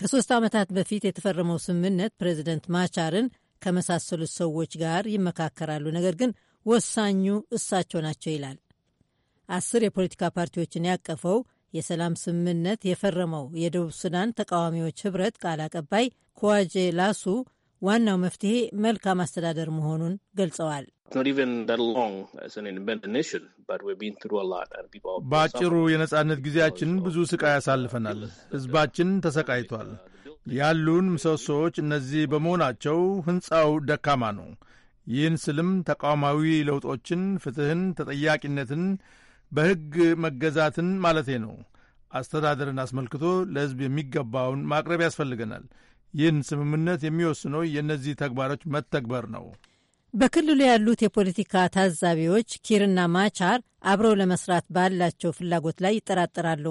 M: ከሶስት ዓመታት በፊት የተፈረመው ስምነት ፕሬዚደንት ማቻርን ከመሳሰሉት ሰዎች ጋር ይመካከራሉ፣ ነገር ግን ወሳኙ እሳቸው ናቸው ይላል። አስር የፖለቲካ ፓርቲዎችን ያቀፈው የሰላም ስምምነት የፈረመው የደቡብ ሱዳን ተቃዋሚዎች ህብረት ቃል አቀባይ ኮዋጄ ላሱ ዋናው መፍትሄ መልካም አስተዳደር መሆኑን ገልጸዋል።
N: በአጭሩ የነጻነት ጊዜያችን ብዙ ስቃይ ያሳልፈናል። ህዝባችን ተሰቃይቷል። ያሉን ምሰሶዎች እነዚህ በመሆናቸው ህንፃው ደካማ ነው። ይህን ስልም ተቃውማዊ ለውጦችን፣ ፍትህን፣ ተጠያቂነትን በሕግ መገዛትን ማለቴ ነው። አስተዳደርን አስመልክቶ ለሕዝብ የሚገባውን ማቅረብ ያስፈልገናል። ይህን ስምምነት የሚወስነው የእነዚህ ተግባሮች መተግበር ነው።
M: በክልሉ ያሉት የፖለቲካ ታዛቢዎች ኪርና ማቻር አብረው ለመስራት ባላቸው ፍላጎት ላይ ይጠራጠራሉ።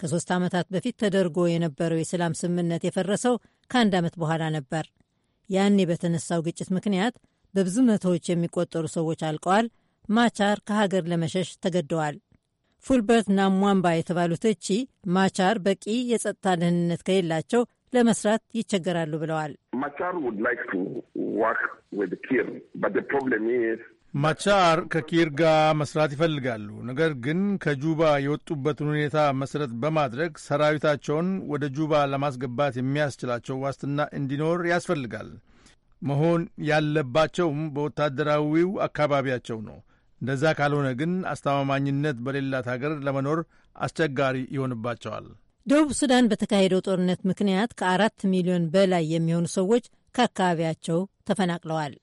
M: ከሶስት ዓመታት በፊት ተደርጎ የነበረው የሰላም ስምምነት የፈረሰው ከአንድ ዓመት በኋላ ነበር። ያኔ በተነሳው ግጭት ምክንያት በብዙ መቶዎች የሚቆጠሩ ሰዎች አልቀዋል፣ ማቻር ከሀገር ለመሸሽ ተገደዋል። ፉልበርት ናሟምባ የተባሉት እቺ ማቻር በቂ የጸጥታ ደህንነት ከሌላቸው ለመስራት ይቸገራሉ ብለዋል።
N: ማቻር ከኪር ጋር መስራት ይፈልጋሉ። ነገር ግን ከጁባ የወጡበትን ሁኔታ መሰረት በማድረግ ሰራዊታቸውን ወደ ጁባ ለማስገባት የሚያስችላቸው ዋስትና እንዲኖር ያስፈልጋል። መሆን ያለባቸውም በወታደራዊው አካባቢያቸው ነው። እንደዛ ካልሆነ ግን አስተማማኝነት በሌላት ሀገር ለመኖር አስቸጋሪ ይሆንባቸዋል።
M: ደቡብ ሱዳን በተካሄደው ጦርነት ምክንያት ከአራት ሚሊዮን በላይ የሚሆኑ ሰዎች ከአካባቢያቸው ተፈናቅለዋል።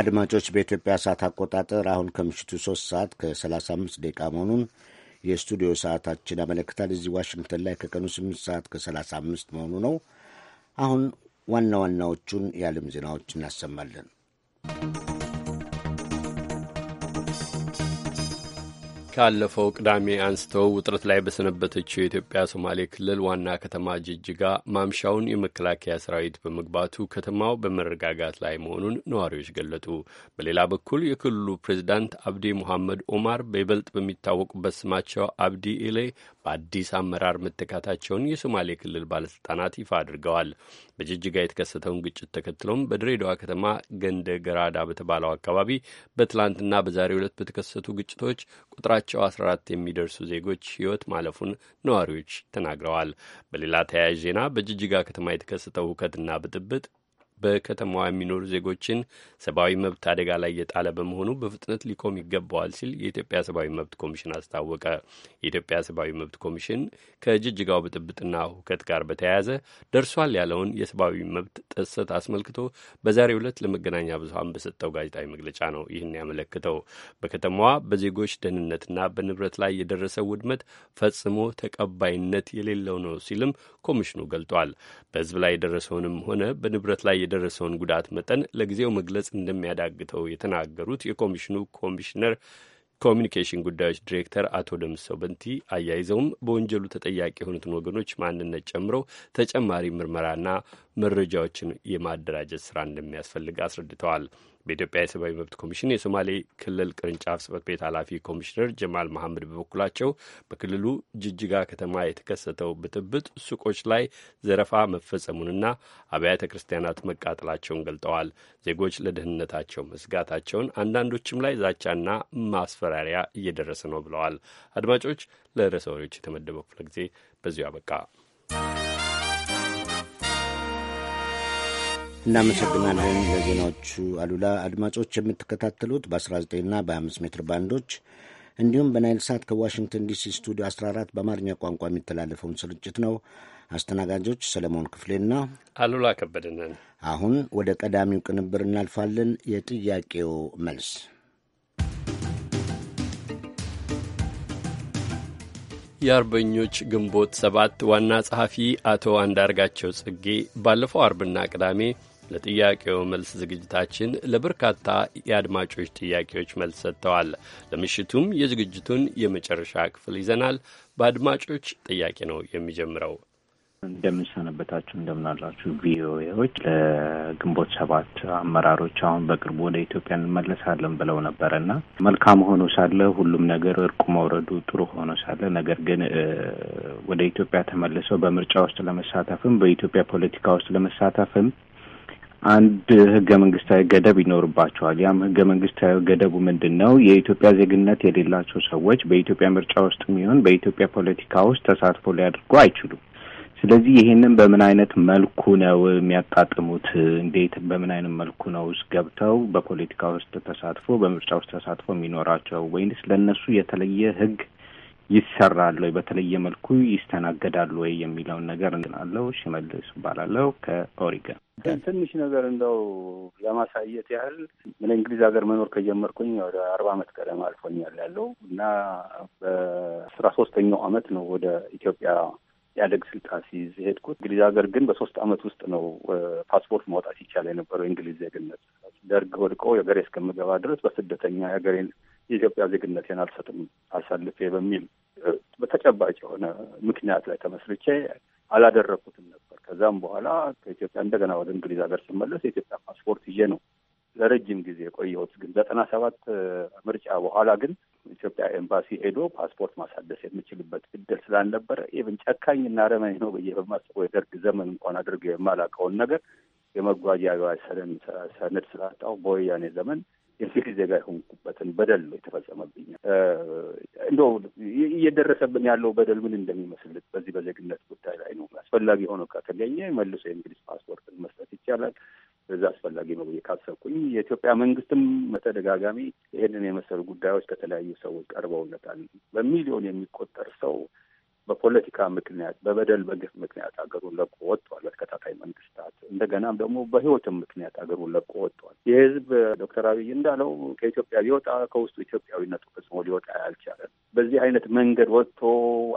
C: አድማጮች በኢትዮጵያ ሰዓት አቆጣጠር አሁን ከምሽቱ 3 ሰዓት ከ35 ደቂቃ መሆኑን የስቱዲዮ ሰዓታችን ያመለክታል። እዚህ ዋሽንግተን ላይ ከቀኑ 8 ሰዓት ከ35 መሆኑ ነው። አሁን ዋና ዋናዎቹን
A: የዓለም ዜናዎች እናሰማለን። ካለፈው ቅዳሜ አንስተው ውጥረት ላይ በሰነበተችው የኢትዮጵያ ሶማሌ ክልል ዋና ከተማ ጅጅጋ ማምሻውን የመከላከያ ሰራዊት በመግባቱ ከተማው በመረጋጋት ላይ መሆኑን ነዋሪዎች ገለጡ። በሌላ በኩል የክልሉ ፕሬዚዳንት አብዲ ሙሐመድ ኦማር በይበልጥ በሚታወቁበት ስማቸው አብዲ ኢሌ በአዲስ አመራር መተካታቸውን የሶማሌ ክልል ባለስልጣናት ይፋ አድርገዋል። በጅጅጋ የተከሰተውን ግጭት ተከትሎም በድሬዳዋ ከተማ ገንደ ገራዳ በተባለው አካባቢ በትላንትና በዛሬው ዕለት በተከሰቱ ግጭቶች ቁጥራቸው 14 የሚደርሱ ዜጎች ሕይወት ማለፉን ነዋሪዎች ተናግረዋል። በሌላ ተያያዥ ዜና በጅጅጋ ከተማ የተከሰተው ሁከትና ብጥብጥ በከተማዋ የሚኖሩ ዜጎችን ሰብአዊ መብት አደጋ ላይ የጣለ በመሆኑ በፍጥነት ሊቆም ይገባዋል ሲል የኢትዮጵያ ሰብአዊ መብት ኮሚሽን አስታወቀ። የኢትዮጵያ ሰብአዊ መብት ኮሚሽን ከጅጅጋው ብጥብጥና ሁከት ጋር በተያያዘ ደርሷል ያለውን የሰብአዊ መብት ጥሰት አስመልክቶ በዛሬው ዕለት ለመገናኛ ብዙሀን በሰጠው ጋዜጣዊ መግለጫ ነው ይህን ያመለክተው። በከተማዋ በዜጎች ደህንነትና በንብረት ላይ የደረሰ ውድመት ፈጽሞ ተቀባይነት የሌለው ነው ሲልም ኮሚሽኑ ገልጧል። በህዝብ ላይ የደረሰውንም ሆነ በንብረት ላይ የደረሰውን ጉዳት መጠን ለጊዜው መግለጽ እንደሚያዳግተው የተናገሩት የኮሚሽኑ ኮሚሽነር ኮሚኒኬሽን ጉዳዮች ዲሬክተር አቶ ደምሰው በንቲ አያይዘውም በወንጀሉ ተጠያቂ የሆኑትን ወገኖች ማንነት ጨምሮ ተጨማሪ ምርመራና መረጃዎችን የማደራጀት ስራ እንደሚያስፈልግ አስረድተዋል። በኢትዮጵያ የሰብአዊ መብት ኮሚሽን የሶማሌ ክልል ቅርንጫፍ ጽህፈት ቤት ኃላፊ ኮሚሽነር ጀማል መሐመድ በበኩላቸው በክልሉ ጅጅጋ ከተማ የተከሰተው ብጥብጥ ሱቆች ላይ ዘረፋ መፈጸሙንና አብያተ ክርስቲያናት መቃጠላቸውን ገልጠዋል። ዜጎች ለደህንነታቸው መስጋታቸውን፣ አንዳንዶችም ላይ ዛቻና ማስፈራሪያ እየደረሰ ነው ብለዋል። አድማጮች ለርዕሰ ወሬዎች የተመደበው ክፍለ ጊዜ በዚሁ አበቃ።
C: እናመሰግናለን ለዜናዎቹ አሉላ። አድማጮች የምትከታተሉት በ19ና በ5 ሜትር ባንዶች እንዲሁም በናይል ሳት ከዋሽንግተን ዲሲ ስቱዲዮ 14 በአማርኛ ቋንቋ የሚተላለፈውን ስርጭት ነው። አስተናጋጆች ሰለሞን ክፍሌና
A: አሉላ ከበደነን።
C: አሁን ወደ ቀዳሚው ቅንብር እናልፋለን። የጥያቄው መልስ
A: የአርበኞች ግንቦት ሰባት ዋና ጸሐፊ አቶ አንዳርጋቸው ጽጌ ባለፈው አርብና ቅዳሜ ለጥያቄው መልስ ዝግጅታችን ለበርካታ የአድማጮች ጥያቄዎች መልስ ሰጥተዋል። ለምሽቱም የዝግጅቱን የመጨረሻ ክፍል ይዘናል። በአድማጮች ጥያቄ ነው የሚጀምረው።
G: እንደምንሰነበታችሁ እንደምናላችሁ ቪኦኤዎች ለግንቦት ሰባት አመራሮች አሁን በቅርቡ ወደ ኢትዮጵያ እንመለሳለን ብለው ነበረና መልካም ሆኖ ሳለ ሁሉም ነገር እርቁ መውረዱ ጥሩ ሆኖ ሳለ ነገር ግን ወደ ኢትዮጵያ ተመልሰው በምርጫ ውስጥ ለመሳተፍም በኢትዮጵያ ፖለቲካ ውስጥ ለመሳተፍም አንድ ህገ መንግስታዊ ገደብ ይኖርባቸዋል። ያም ህገ መንግስታዊ ገደቡ ምንድን ነው? የኢትዮጵያ ዜግነት የሌላቸው ሰዎች በኢትዮጵያ ምርጫ ውስጥ የሚሆን በኢትዮጵያ ፖለቲካ ውስጥ ተሳትፎ ሊያደርጉ አይችሉም። ስለዚህ ይህንን በምን አይነት መልኩ ነው የሚያጣጥሙት? እንዴት በምን አይነት መልኩ ነው ውስጥ ገብተው በፖለቲካ ውስጥ ተሳትፎ በምርጫ ውስጥ ተሳትፎ የሚኖራቸው ወይንስ ለእነሱ የተለየ ህግ ይሰራል ወይ፣ በተለየ መልኩ ይስተናገዳሉ ወይ የሚለውን ነገር እንናለው። ሽመልስ እባላለሁ ከኦሪገን። ትንሽ ነገር እንደው ለማሳየት ያህል ምን እንግሊዝ ሀገር መኖር ከጀመርኩኝ ወደ አርባ አመት ቀደም አልፎኛል ያለው እና በአስራ ሶስተኛው አመት ነው ወደ ኢትዮጵያ ኢህአዴግ ስልጣን ሲይዝ ሄድኩት። እንግሊዝ ሀገር ግን በሶስት አመት ውስጥ ነው ፓስፖርት ማውጣት ይቻል የነበረው የእንግሊዝ ዜግነት። ደርግ ወድቆ የገሬ እስከምገባ ድረስ በስደተኛ የሀገሬን የኢትዮጵያ ዜግነቴን አልሰጥም አሳልፌ በሚል በተጨባጭ የሆነ ምክንያት ላይ ተመስርቼ አላደረግኩትም ነበር። ከዛም በኋላ ከኢትዮጵያ እንደገና ወደ እንግሊዝ ሀገር ስመለስ የኢትዮጵያ ፓስፖርት ይዤ ነው ለረጅም ጊዜ የቆየሁት። ግን ዘጠና ሰባት ምርጫ በኋላ ግን ኢትዮጵያ ኤምባሲ ሄዶ ፓስፖርት ማሳደስ የምችልበት እድል ስላልነበረ ኢቭን ጨካኝና አረመኔ ነው ብዬ በማስበው የደርግ ዘመን እንኳን አድርገው የማላውቀውን ነገር የመጓዣ ሰነድ ስላጣው በወያኔ ዘመን የእንግሊዝ ዜጋ የሆንኩበትን በደል ነው የተፈጸመብኝ። እንደው እየደረሰብን ያለው በደል ምን እንደሚመስል በዚህ በዜግነት ጉዳይ ላይ ነው። አስፈላጊ ሆኖ ከተገኘ መልሶ የእንግሊዝ ፓስፖርትን መስጠት ይቻላል። በዛ አስፈላጊ ነው ብዬ ካሰብኩኝ የኢትዮጵያ መንግስትም በተደጋጋሚ ይህንን የመሰሉ ጉዳዮች ከተለያዩ ሰዎች ቀርበውለታል። በሚሊዮን የሚቆጠር ሰው በፖለቲካ ምክንያት በበደል በግፍ ምክንያት ሀገሩን ለቆ ወጥቷል። በተከታታይ መንግስታት እንደገናም ደግሞ በህይወትም ምክንያት ሀገሩን ለቆ ወጥቷል። የህዝብ ዶክተር አብይ እንዳለው ከኢትዮጵያ ሊወጣ ከውስጡ ኢትዮጵያዊነቱ ፈጽሞ ሊወጣ ያልቻለን በዚህ አይነት መንገድ ወጥቶ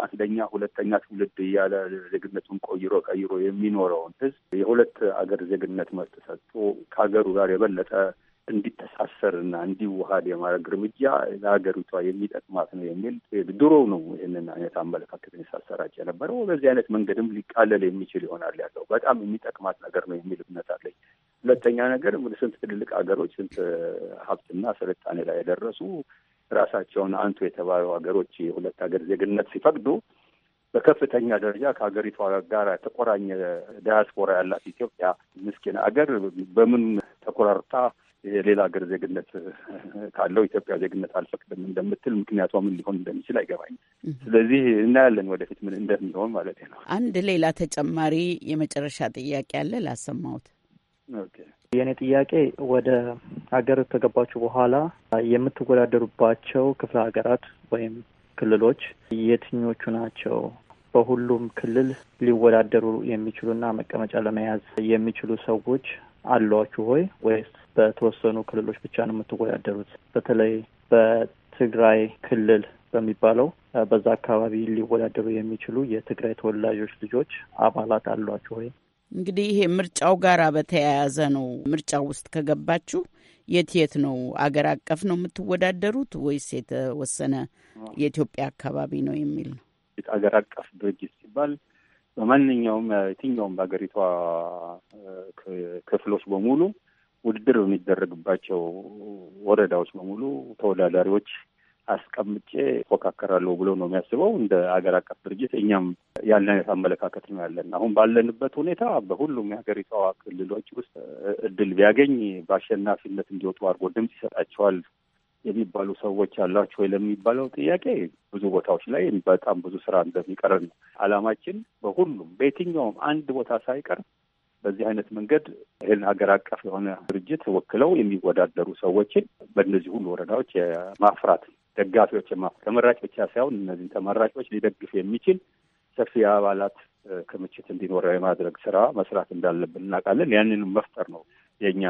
G: አንደኛ ሁለተኛ ትውልድ እያለ ዜግነቱን ቆይሮ ቀይሮ የሚኖረውን ህዝብ የሁለት አገር ዜግነት መብት ሰጥቶ ከሀገሩ ጋር የበለጠ እንዲተሳሰርና እንዲዋሃድ የማድረግ እርምጃ ለሀገሪቷ የሚጠቅማት ነው የሚል ድሮ ነው ይህንን አይነት አመለካከት ሳሰራጭ የነበረው። በዚህ አይነት መንገድም ሊቃለል የሚችል ይሆናል ያለው በጣም የሚጠቅማት ነገር ነው የሚል እምነት አለኝ። ሁለተኛ ነገር ስንት ትልልቅ ሀገሮች ስንት ሀብትና ስልጣኔ ላይ የደረሱ ራሳቸውን አንቱ የተባሉ ሀገሮች የሁለት ሀገር ዜግነት ሲፈቅዱ በከፍተኛ ደረጃ ከሀገሪቷ ጋር ተቆራኘ ዳያስፖራ ያላት ኢትዮጵያ ምስኪን ሀገር በምን ተኮራርታ የሌላ ሀገር ዜግነት ካለው ኢትዮጵያ ዜግነት አልፈቅድም እንደምትል ምክንያቷ ምን ሊሆን እንደሚችል አይገባኝ። ስለዚህ እናያለን ወደፊት ምን እንደሚሆን ማለት
J: ነው። አንድ ሌላ ተጨማሪ የመጨረሻ ጥያቄ አለ ላሰማሁት።
F: የእኔ ጥያቄ ወደ ሀገር ከገባችሁ በኋላ የምትወዳደሩባቸው ክፍለ ሀገራት ወይም ክልሎች የትኞቹ ናቸው? በሁሉም ክልል ሊወዳደሩ የሚችሉና መቀመጫ ለመያዝ የሚችሉ ሰዎች አሏችሁ ሆይ ወይስ በተወሰኑ ክልሎች ብቻ ነው የምትወዳደሩት። በተለይ በትግራይ ክልል በሚባለው በዛ አካባቢ ሊወዳደሩ የሚችሉ የትግራይ ተወላጆች ልጆች አባላት አሏችሁ ወይ?
J: እንግዲህ ይሄ ምርጫው ጋር በተያያዘ ነው። ምርጫው ውስጥ ከገባችሁ የት የት ነው አገር አቀፍ ነው የምትወዳደሩት ወይስ የተወሰነ የኢትዮጵያ አካባቢ ነው የሚል ነው።
G: አገር አቀፍ ድርጅት ሲባል በማንኛውም የትኛውም በሀገሪቷ ክፍሎች በሙሉ ውድድር በሚደረግባቸው ወረዳዎች በሙሉ ተወዳዳሪዎች አስቀምጬ ፎካከራለሁ ብሎ ነው የሚያስበው። እንደ አገር አቀፍ ድርጅት እኛም ያለን አይነት አመለካከት ነው ያለን። አሁን ባለንበት ሁኔታ በሁሉም የሀገሪቷ ክልሎች ውስጥ እድል ቢያገኝ በአሸናፊነት እንዲወጡ አድርጎ ድምፅ ይሰጣቸዋል የሚባሉ ሰዎች አላቸው ወይ ለሚባለው ጥያቄ ብዙ ቦታዎች ላይ በጣም ብዙ ስራ እንደሚቀረን ነው አላማችን። በሁሉም በየትኛውም አንድ ቦታ ሳይቀር በዚህ አይነት መንገድ ይህን ሀገር አቀፍ የሆነ ድርጅት ወክለው የሚወዳደሩ ሰዎችን በእነዚህ ሁሉ ወረዳዎች የማፍራት ደጋፊዎች ተመራጭ ብቻ ሳይሆን እነዚህን ተመራጮች ሊደግፍ የሚችል ሰፊ የአባላት ክምችት እንዲኖረው የማድረግ ስራ መስራት እንዳለብን እናውቃለን። ያንንም መፍጠር ነው የኛ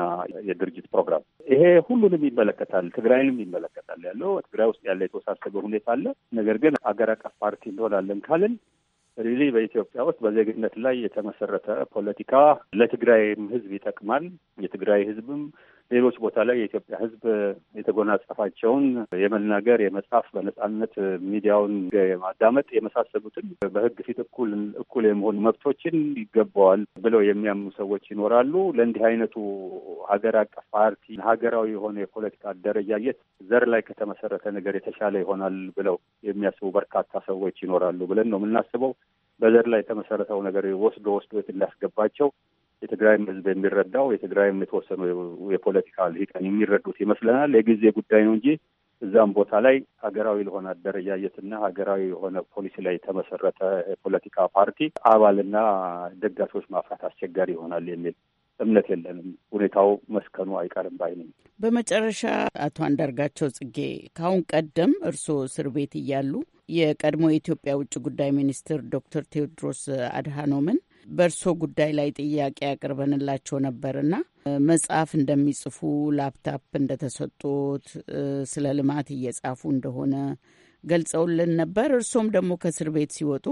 G: የድርጅት ፕሮግራም። ይሄ ሁሉንም ይመለከታል፣ ትግራይንም ይመለከታል። ያለው ትግራይ ውስጥ ያለ የተወሳሰበ ሁኔታ አለ። ነገር ግን አገር አቀፍ ፓርቲ እንሆናለን ካልን ሪሊ በኢትዮጵያ ውስጥ በዜግነት ላይ የተመሰረተ ፖለቲካ ለትግራይም ህዝብ ይጠቅማል። የትግራይ ህዝብም ሌሎች ቦታ ላይ የኢትዮጵያ ሕዝብ የተጎናጸፋቸውን የመናገር የመጻፍ በነጻነት ሚዲያውን የማዳመጥ የመሳሰሉትን በሕግ ፊት እኩል እኩል የመሆን መብቶችን ይገባዋል ብለው የሚያምኑ ሰዎች ይኖራሉ። ለእንዲህ አይነቱ ሀገር አቀፍ ፓርቲ ሀገራዊ የሆነ የፖለቲካ አደረጃጀት ዘር ላይ ከተመሰረተ ነገር የተሻለ ይሆናል ብለው የሚያስቡ በርካታ ሰዎች ይኖራሉ ብለን ነው የምናስበው። በዘር ላይ የተመሰረተው ነገር ወስዶ ወስዶ የት እንዳስገባቸው የትግራይም ህዝብ የሚረዳው የትግራይም የተወሰኑ የፖለቲካ ልሂቃን የሚረዱት ይመስለናል። የጊዜ ጉዳይ ነው እንጂ እዛም ቦታ ላይ ሀገራዊ ለሆነ አደረጃጀትና ሀገራዊ የሆነ ፖሊሲ ላይ የተመሰረተ የፖለቲካ ፓርቲ አባልና ደጋፊዎች ማፍራት አስቸጋሪ ይሆናል የሚል እምነት የለንም። ሁኔታው መስከኑ አይቀርም ባይ ነኝ።
J: በመጨረሻ አቶ አንዳርጋቸው ጽጌ ከአሁን ቀደም እርስዎ እስር ቤት እያሉ የቀድሞ የኢትዮጵያ ውጭ ጉዳይ ሚኒስትር ዶክተር ቴዎድሮስ አድሃኖምን በእርሶ ጉዳይ ላይ ጥያቄ ያቅርበንላቸው ነበርና መጽሐፍ እንደሚጽፉ ላፕታፕ እንደተሰጡት ስለ ልማት እየጻፉ እንደሆነ ገልጸውልን ነበር። እርሶም ደግሞ ከእስር ቤት ሲወጡ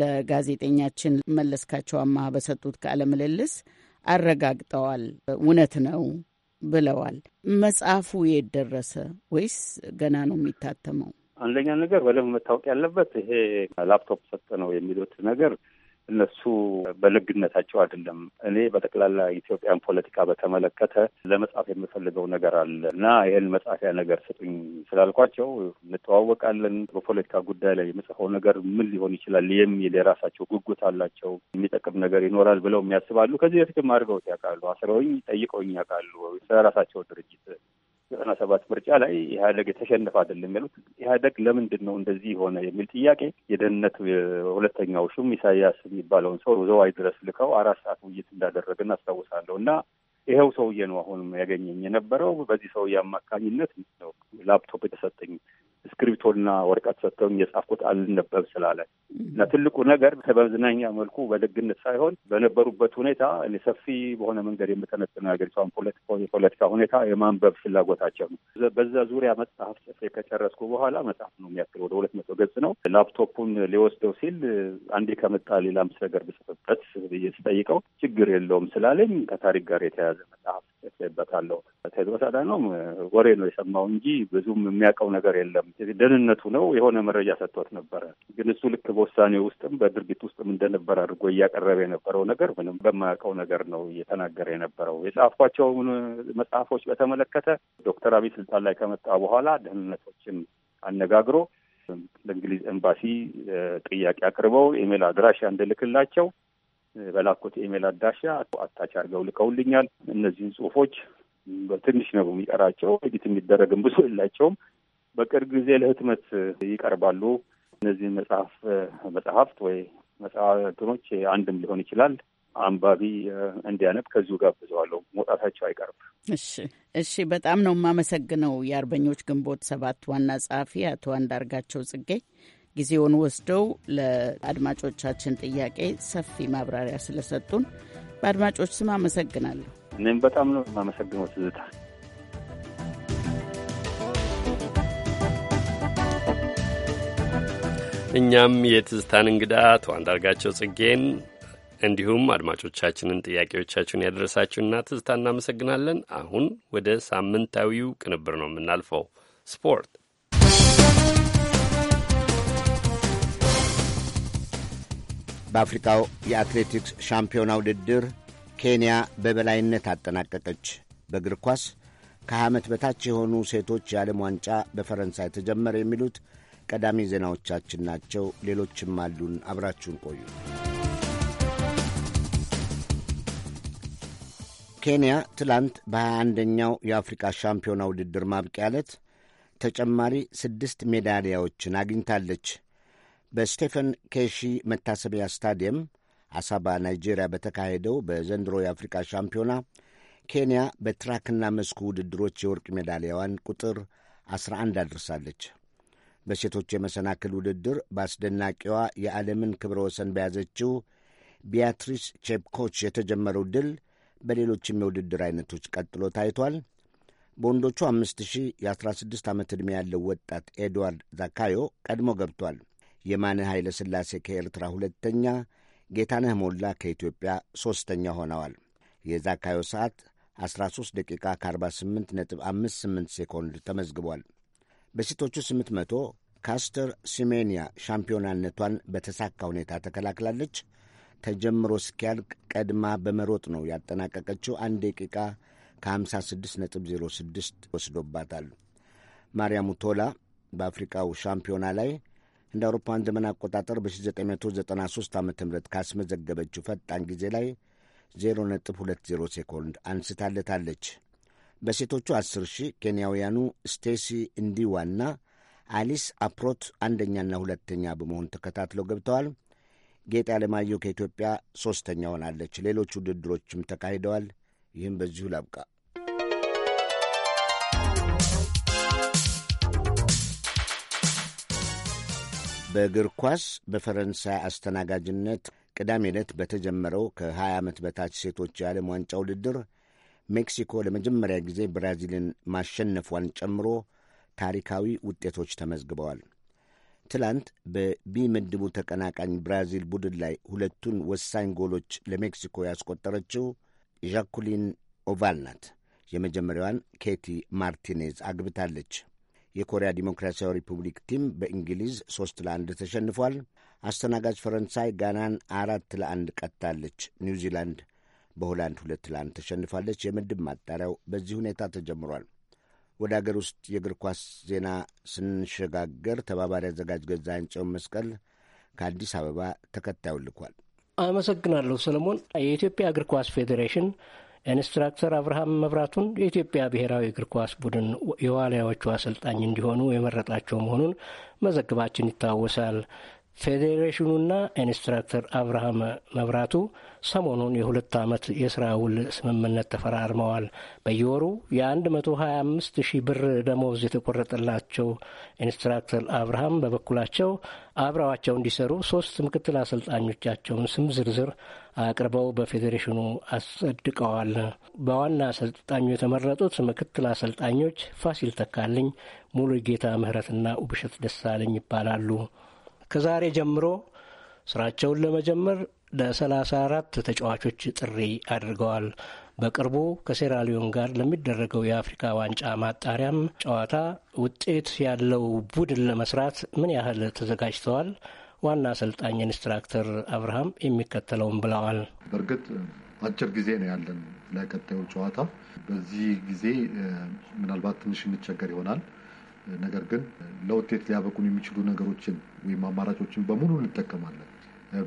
J: ለጋዜጠኛችን መለስካቸው አማሃ በሰጡት ቃለ ምልልስ አረጋግጠዋል፣ እውነት ነው ብለዋል። መጽሐፉ የት ደረሰ? ወይስ ገና ነው የሚታተመው?
G: አንደኛ ነገር በደንብ መታወቅ ያለበት ይሄ ላፕቶፕ ሰጠ ነው የሚሉት ነገር እነሱ በልግነታቸው አይደለም። እኔ በጠቅላላ ኢትዮጵያን ፖለቲካ በተመለከተ ለመጻፍ የምፈልገው ነገር አለ እና ይህን መጻፊያ ነገር ስጡኝ ስላልኳቸው እንተዋወቃለን። በፖለቲካ ጉዳይ ላይ የምጽፈው ነገር ምን ሊሆን ይችላል የሚል የራሳቸው ጉጉት አላቸው። የሚጠቅም ነገር ይኖራል ብለው የሚያስባሉ። ከዚህ በፊትም አድርገውት ያውቃሉ። አስረውኝ ጠይቀውኝ ያውቃሉ። ስለራሳቸው ድርጅት ዘጠና ሰባት ምርጫ ላይ ኢህአደግ የተሸነፈ አይደለም ያሉት ኢህአደግ ለምንድን ነው እንደዚህ የሆነ የሚል ጥያቄ የደህንነት ሁለተኛው ሹም ኢሳያስ የሚባለውን ሰው ዘዋይ ድረስ ልከው አራት ሰዓት ውይይት እንዳደረግን አስታውሳለሁ እና ይኸው ሰውዬ ነው አሁንም ያገኘኝ የነበረው። በዚህ ሰውዬ አማካኝነት ነው ላፕቶፕ የተሰጠኝ። እስክሪብቶና ወረቀት ሰጥተውኝ የጻፍኩት አልነበብ ስላለ እና ትልቁ ነገር በመዝናኛ መልኩ በደግነት ሳይሆን በነበሩበት ሁኔታ ሰፊ በሆነ መንገድ የምተነጥነው የሀገሪቷን የፖለቲካ ሁኔታ የማንበብ ፍላጎታቸው ነው። በዛ ዙሪያ መጽሐፍ ጽፌ ከጨረስኩ በኋላ መጽሐፍ ነው የሚያክል ወደ ሁለት መቶ ገጽ ነው። ላፕቶፑን ሊወስደው ሲል አንዴ ከመጣ ሌላ ምስ ነገር ብጽፍበት ስጠይቀው ችግር የለውም ስላለኝ ከታሪክ ጋር የተያያዘ መጽሐፍ እችበታለሁ። ቴድሮስ አዳኖም ወሬ ነው የሰማው እንጂ ብዙም የሚያውቀው ነገር የለም። ደህንነቱ ነው የሆነ መረጃ ሰጥቶት ነበረ። ግን እሱ ልክ በውሳኔ ውስጥም በድርጊት ውስጥም እንደነበረ አድርጎ እያቀረበ የነበረው ነገር ምንም በማያውቀው ነገር ነው እየተናገረ የነበረው። የጻፏቸውን መጽሐፎች በተመለከተ ዶክተር አብይ ስልጣን ላይ ከመጣ በኋላ ደህንነቶችን አነጋግሮ ለእንግሊዝ ኤምባሲ ጥያቄ አቅርበው ኢሜል አድራሻ እንድልክላቸው በላኩት ኢሜል አድራሻ አታች አድርገው ልከውልኛል። እነዚህን ጽሁፎች በትንሽ ነው የሚቀራቸው። ኤዲት የሚደረግም ብዙ የላቸውም። በቅርብ ጊዜ ለህትመት ይቀርባሉ። እነዚህ መጽሐፍ መጽሐፍት ወይ መጽሐፍኖች አንድም ሊሆን ይችላል አንባቢ እንዲያነብ ከዚሁ ጋብዘዋለሁ። መውጣታቸው አይቀርም።
J: እሺ፣ እሺ። በጣም ነው የማመሰግነው የአርበኞች ግንቦት ሰባት ዋና ጸሐፊ አቶ አንዳርጋቸው ጽጌ ጊዜውን ወስደው ለአድማጮቻችን ጥያቄ ሰፊ ማብራሪያ ስለሰጡን በአድማጮች ስም አመሰግናለሁ።
G: እኔም በጣም
A: ነው የማመሰግነው ትዝታ። እኛም የትዝታን እንግዳ አቶ አንዳርጋቸው ጽጌን እንዲሁም አድማጮቻችንን ጥያቄዎቻችሁን ያደረሳችሁና ትዝታ እናመሰግናለን። አሁን ወደ ሳምንታዊው ቅንብር ነው የምናልፈው ስፖርት
C: በአፍሪካው የአትሌቲክስ ሻምፒዮና ውድድር ኬንያ በበላይነት አጠናቀቀች። በእግር ኳስ ከዓመት በታች የሆኑ ሴቶች የዓለም ዋንጫ በፈረንሳይ ተጀመረ። የሚሉት ቀዳሚ ዜናዎቻችን ናቸው። ሌሎችም አሉን። አብራችሁን ቆዩ። ኬንያ ትላንት በ21ኛው የአፍሪካ ሻምፒዮና ውድድር ማብቂያ ዕለት ተጨማሪ ስድስት ሜዳሊያዎችን አግኝታለች። በስቴፈን ኬሺ መታሰቢያ ስታዲየም አሳባ፣ ናይጄሪያ በተካሄደው በዘንድሮ የአፍሪካ ሻምፒዮና ኬንያ በትራክና መስኩ ውድድሮች የወርቅ ሜዳሊያዋን ቁጥር 11 አድርሳለች። በሴቶች የመሰናክል ውድድር በአስደናቂዋ የዓለምን ክብረ ወሰን በያዘችው ቢያትሪስ ቼፕኮች የተጀመረው ድል በሌሎችም የውድድር አይነቶች ቀጥሎ ታይቷል። በወንዶቹ 5000 የ16 ዓመት ዕድሜ ያለው ወጣት ኤድዋርድ ዛካዮ ቀድሞ ገብቷል። የማነ ኃይለ ሥላሴ ከኤርትራ ሁለተኛ፣ ጌታነህ ሞላ ከኢትዮጵያ ሦስተኛ ሆነዋል። የዛካዮ ሰዓት 13 ደቂቃ ከ48 58 ሴኮንድ ተመዝግቧል። በሴቶቹ 800 ካስተር ሲሜንያ ሻምፒዮናነቷን በተሳካ ሁኔታ ተከላክላለች። ተጀምሮ እስኪያልቅ ቀድማ በመሮጥ ነው ያጠናቀቀችው። አንድ ደቂቃ ከ 5606 ወስዶባታል። ማርያሙ ቶላ በአፍሪካው ሻምፒዮና ላይ እንደ አውሮፓውያን ዘመን አቆጣጠር በ1993 ዓ ም ካስመዘገበችው ፈጣን ጊዜ ላይ 0.20 ሴኮንድ አንስታለታለች። በሴቶቹ 10 ሺህ ኬንያውያኑ ስቴሲ እንዲዋና አሊስ አፕሮት አንደኛና ሁለተኛ በመሆን ተከታትለው ገብተዋል። ጌጤ አለማየሁ ከኢትዮጵያ ሦስተኛ ሆናለች። ሌሎች ውድድሮችም ተካሂደዋል። ይህም በዚሁ ላብቃ። በእግር ኳስ በፈረንሳይ አስተናጋጅነት ቅዳሜ ዕለት በተጀመረው ከ20 ዓመት በታች ሴቶች የዓለም ዋንጫ ውድድር ሜክሲኮ ለመጀመሪያ ጊዜ ብራዚልን ማሸነፏን ጨምሮ ታሪካዊ ውጤቶች ተመዝግበዋል። ትላንት በቢ ምድቡ ተቀናቃኝ ብራዚል ቡድን ላይ ሁለቱን ወሳኝ ጎሎች ለሜክሲኮ ያስቆጠረችው ዣኩሊን ኦቫል ናት። የመጀመሪያዋን ኬቲ ማርቲኔዝ አግብታለች። የኮሪያ ዲሞክራሲያዊ ሪፑብሊክ ቲም በእንግሊዝ ሶስት ለአንድ ተሸንፏል። አስተናጋጅ ፈረንሳይ ጋናን አራት ለአንድ ቀጥታለች። ኒውዚላንድ በሆላንድ ሁለት ለአንድ ተሸንፋለች። የምድብ ማጣሪያው በዚህ ሁኔታ ተጀምሯል። ወደ አገር ውስጥ የእግር ኳስ ዜና ስንሸጋገር ተባባሪ አዘጋጅ ገዛ ጽዮን መስቀል ከአዲስ አበባ ተከታዩ ልኳል።
O: አመሰግናለሁ ሰለሞን። የኢትዮጵያ እግር ኳስ ፌዴሬሽን ኢንስትራክተር አብርሃም መብራቱን የኢትዮጵያ ብሔራዊ እግር ኳስ ቡድን የዋልያዎቹ አሰልጣኝ እንዲሆኑ የመረጣቸው መሆኑን መዘግባችን ይታወሳል። ፌዴሬሽኑና ኢንስትራክተር አብርሃም መብራቱ ሰሞኑን የሁለት ዓመት የስራ ውል ስምምነት ተፈራርመዋል። በየወሩ የ125 ሺህ ብር ደሞዝ የተቆረጠላቸው ኢንስትራክተር አብርሃም በበኩላቸው አብረዋቸው እንዲሰሩ ሶስት ምክትል አሰልጣኞቻቸውን ስም ዝርዝር አቅርበው በፌዴሬሽኑ አስጸድቀዋል። በዋና አሰልጣኙ የተመረጡት ምክትል አሰልጣኞች ፋሲል ተካልኝ፣ ሙሉ ጌታ ምህረትና ውብሸት ደሳለኝ ይባላሉ። ከዛሬ ጀምሮ ስራቸውን ለመጀመር ለሰላሳ አራት ተጫዋቾች ጥሪ አድርገዋል። በቅርቡ ከሴራሊዮን ጋር ለሚደረገው የአፍሪካ ዋንጫ ማጣሪያም ጨዋታ ውጤት ያለው ቡድን ለመስራት ምን ያህል ተዘጋጅተዋል? ዋና አሰልጣኝ ኢንስትራክተር አብርሃም የሚከተለውን ብለዋል።
L: በእርግጥ አጭር ጊዜ ነው ያለን ለቀጣዩ ጨዋታ። በዚህ ጊዜ ምናልባት ትንሽ እንቸገር ይሆናል። ነገር ግን ለውጤት ሊያበቁን የሚችሉ ነገሮችን ወይም አማራጮችን በሙሉ እንጠቀማለን።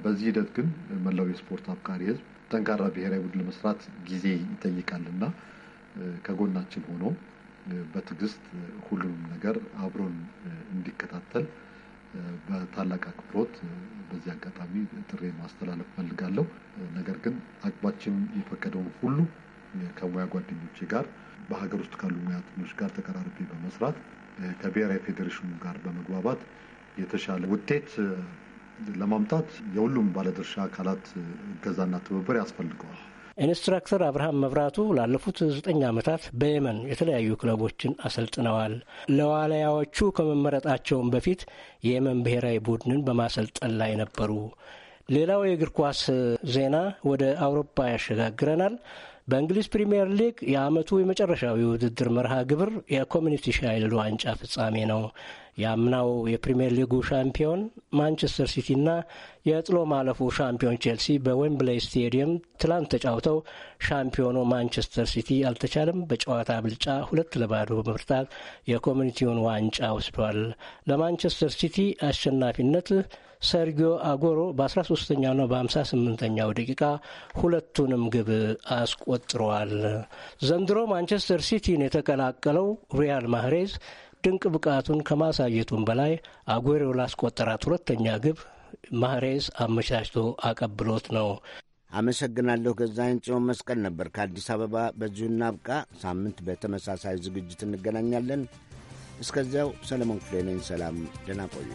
L: በዚህ ሂደት ግን መላው የስፖርት አፍቃሪ ህዝብ ጠንካራ ብሔራዊ ቡድን ለመስራት ጊዜ ይጠይቃል ከጎናችን ሆኖ በትዕግስት ሁሉንም ነገር አብሮን እንዲከታተል በታላቅ አክብሮት በዚህ አጋጣሚ ጥሪ ማስተላለፍ ፈልጋለሁ። ነገር ግን አቅማችን የፈቀደውን ሁሉ ከሙያ ጓደኞቼ ጋር በሀገር ውስጥ ካሉ ሙያተኞች ጋር ተቀራርቤ በመስራት ከብሔራዊ ፌዴሬሽኑ ጋር በመግባባት የተሻለ ውጤት ለማምጣት የሁሉም ባለድርሻ አካላት እገዛና ትብብር ያስፈልገዋል።
O: ኢንስትራክተር አብርሃም መብራቱ ላለፉት ዘጠኝ ዓመታት በየመን የተለያዩ ክለቦችን አሰልጥነዋል። ለዋልያዎቹ ከመመረጣቸውም በፊት የየመን ብሔራዊ ቡድንን በማሰልጠን ላይ ነበሩ። ሌላው የእግር ኳስ ዜና ወደ አውሮፓ ያሸጋግረናል። በእንግሊዝ ፕሪምየር ሊግ የአመቱ የመጨረሻው የውድድር መርሃ ግብር የኮሚኒቲ ሻይልድ ዋንጫ ፍጻሜ ነው። የአምናው የፕሪምየር ሊጉ ሻምፒዮን ማንቸስተር ሲቲና የጥሎ ማለፉ ሻምፒዮን ቼልሲ በዌምብሌይ ስቴዲየም ትላንት ተጫውተው ሻምፒዮኑ ማንቸስተር ሲቲ አልተቻለም። በጨዋታ ብልጫ ሁለት ለባዶ በመርታት የኮሚኒቲውን ዋንጫ ወስዷል። ለማንቸስተር ሲቲ አሸናፊነት ሰርጊዮ አጎሮ በ13ኛና በ58ኛው ደቂቃ ሁለቱንም ግብ አስቆጥረዋል። ዘንድሮ ማንቸስተር ሲቲን የተቀላቀለው ሪያል ማህሬዝ ድንቅ ብቃቱን ከማሳየቱም በላይ አጎሮ ላስቆጠራት ሁለተኛ ግብ ማህሬዝ አመቻችቶ አቀብሎት ነው። አመሰግናለሁ።
C: ገዛይን ጽዮን መስቀል ነበር ከአዲስ አበባ። በዚሁ እናብቃ። ሳምንት በተመሳሳይ ዝግጅት እንገናኛለን። እስከዚያው ሰለሞን ክፍሌ
A: ነኝ። ሰላም፣ ደህና ቆዩ።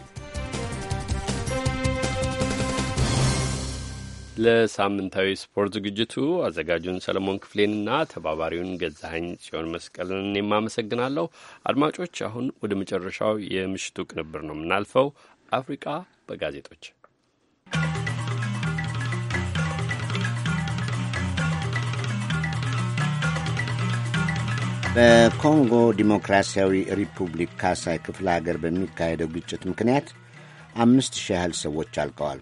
A: ለሳምንታዊ ስፖርት ዝግጅቱ አዘጋጁን ሰለሞን ክፍሌንና ተባባሪውን ገዛኸኝ ጽዮን መስቀልን የማመሰግናለሁ። አድማጮች፣ አሁን ወደ መጨረሻው የምሽቱ ቅንብር ነው የምናልፈው። አፍሪቃ በጋዜጦች
C: በኮንጎ ዲሞክራሲያዊ ሪፑብሊክ ካሳይ ክፍለ ሀገር በሚካሄደው ግጭት ምክንያት አምስት ሺህ ያህል ሰዎች አልቀዋል።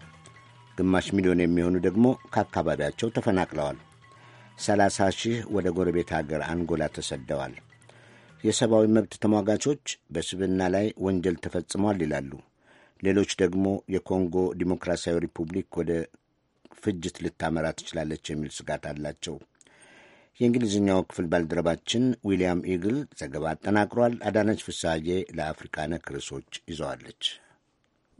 C: ግማሽ ሚሊዮን የሚሆኑ ደግሞ ከአካባቢያቸው ተፈናቅለዋል። 30 ሺህ ወደ ጎረቤት ሀገር አንጎላ ተሰደዋል። የሰብአዊ መብት ተሟጋቾች በስብና ላይ ወንጀል ተፈጽሟል ይላሉ። ሌሎች ደግሞ የኮንጎ ዲሞክራሲያዊ ሪፑብሊክ ወደ ፍጅት ልታመራ ትችላለች የሚል ስጋት አላቸው። የእንግሊዝኛው ክፍል ባልደረባችን ዊልያም ኢግል ዘገባ አጠናቅሯል። አዳነች ፍሳዬ ለአፍሪካ ነክ ርዕሶች ይዘዋለች።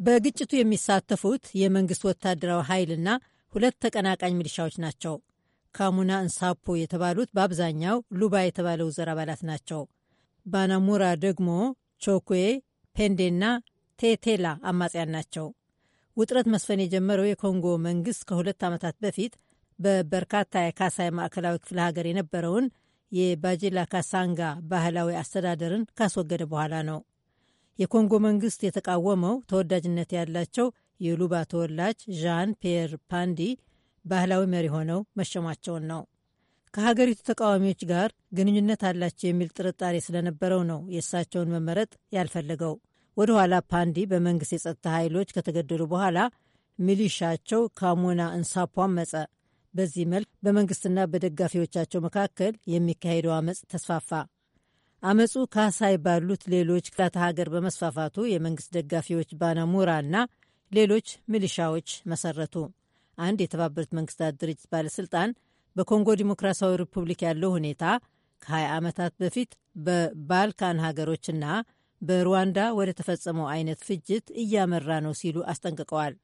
M: በግጭቱ የሚሳተፉት የመንግስት ወታደራዊ ኃይልና ሁለት ተቀናቃኝ ሚሊሻዎች ናቸው። ካሙና እንሳፖ የተባሉት በአብዛኛው ሉባ የተባለው ዘር አባላት ናቸው። ባናሙራ ደግሞ ቾኩዌ፣ ፔንዴና ቴቴላ አማጽያን ናቸው። ውጥረት መስፈን የጀመረው የኮንጎ መንግስት ከሁለት ዓመታት በፊት በበርካታ የካሳይ ማዕከላዊ ክፍለ ሀገር የነበረውን የባጂላ ካሳንጋ ባህላዊ አስተዳደርን ካስወገደ በኋላ ነው። የኮንጎ መንግስት የተቃወመው ተወዳጅነት ያላቸው የሉባ ተወላጅ ዣን ፒየር ፓንዲ ባህላዊ መሪ ሆነው መሸማቸውን ነው። ከሀገሪቱ ተቃዋሚዎች ጋር ግንኙነት አላቸው የሚል ጥርጣሬ ስለነበረው ነው የእሳቸውን መመረጥ ያልፈለገው። ወደ ኋላ ፓንዲ በመንግስት የጸጥታ ኃይሎች ከተገደሉ በኋላ ሚሊሻቸው ካሙና እንሳፖ አመፀ። በዚህ መልክ በመንግስትና በደጋፊዎቻቸው መካከል የሚካሄደው አመፅ ተስፋፋ። አመፁ ካሳይ ባሉት ሌሎች ክፍላተ ሀገር በመስፋፋቱ የመንግስት ደጋፊዎች እና ሌሎች ሚሊሻዎች መሰረቱ። አንድ የተባበሩት መንግስታት ድርጅት ባለሥልጣን በኮንጎ ዲሞክራሲያዊ ሪፑብሊክ ያለው ሁኔታ ከ20 ዓመታት በፊት በባልካን ሀገሮችና በሩዋንዳ ወደ ተፈጸመው አይነት ፍጅት እያመራ ነው ሲሉ አስጠንቅቀዋል።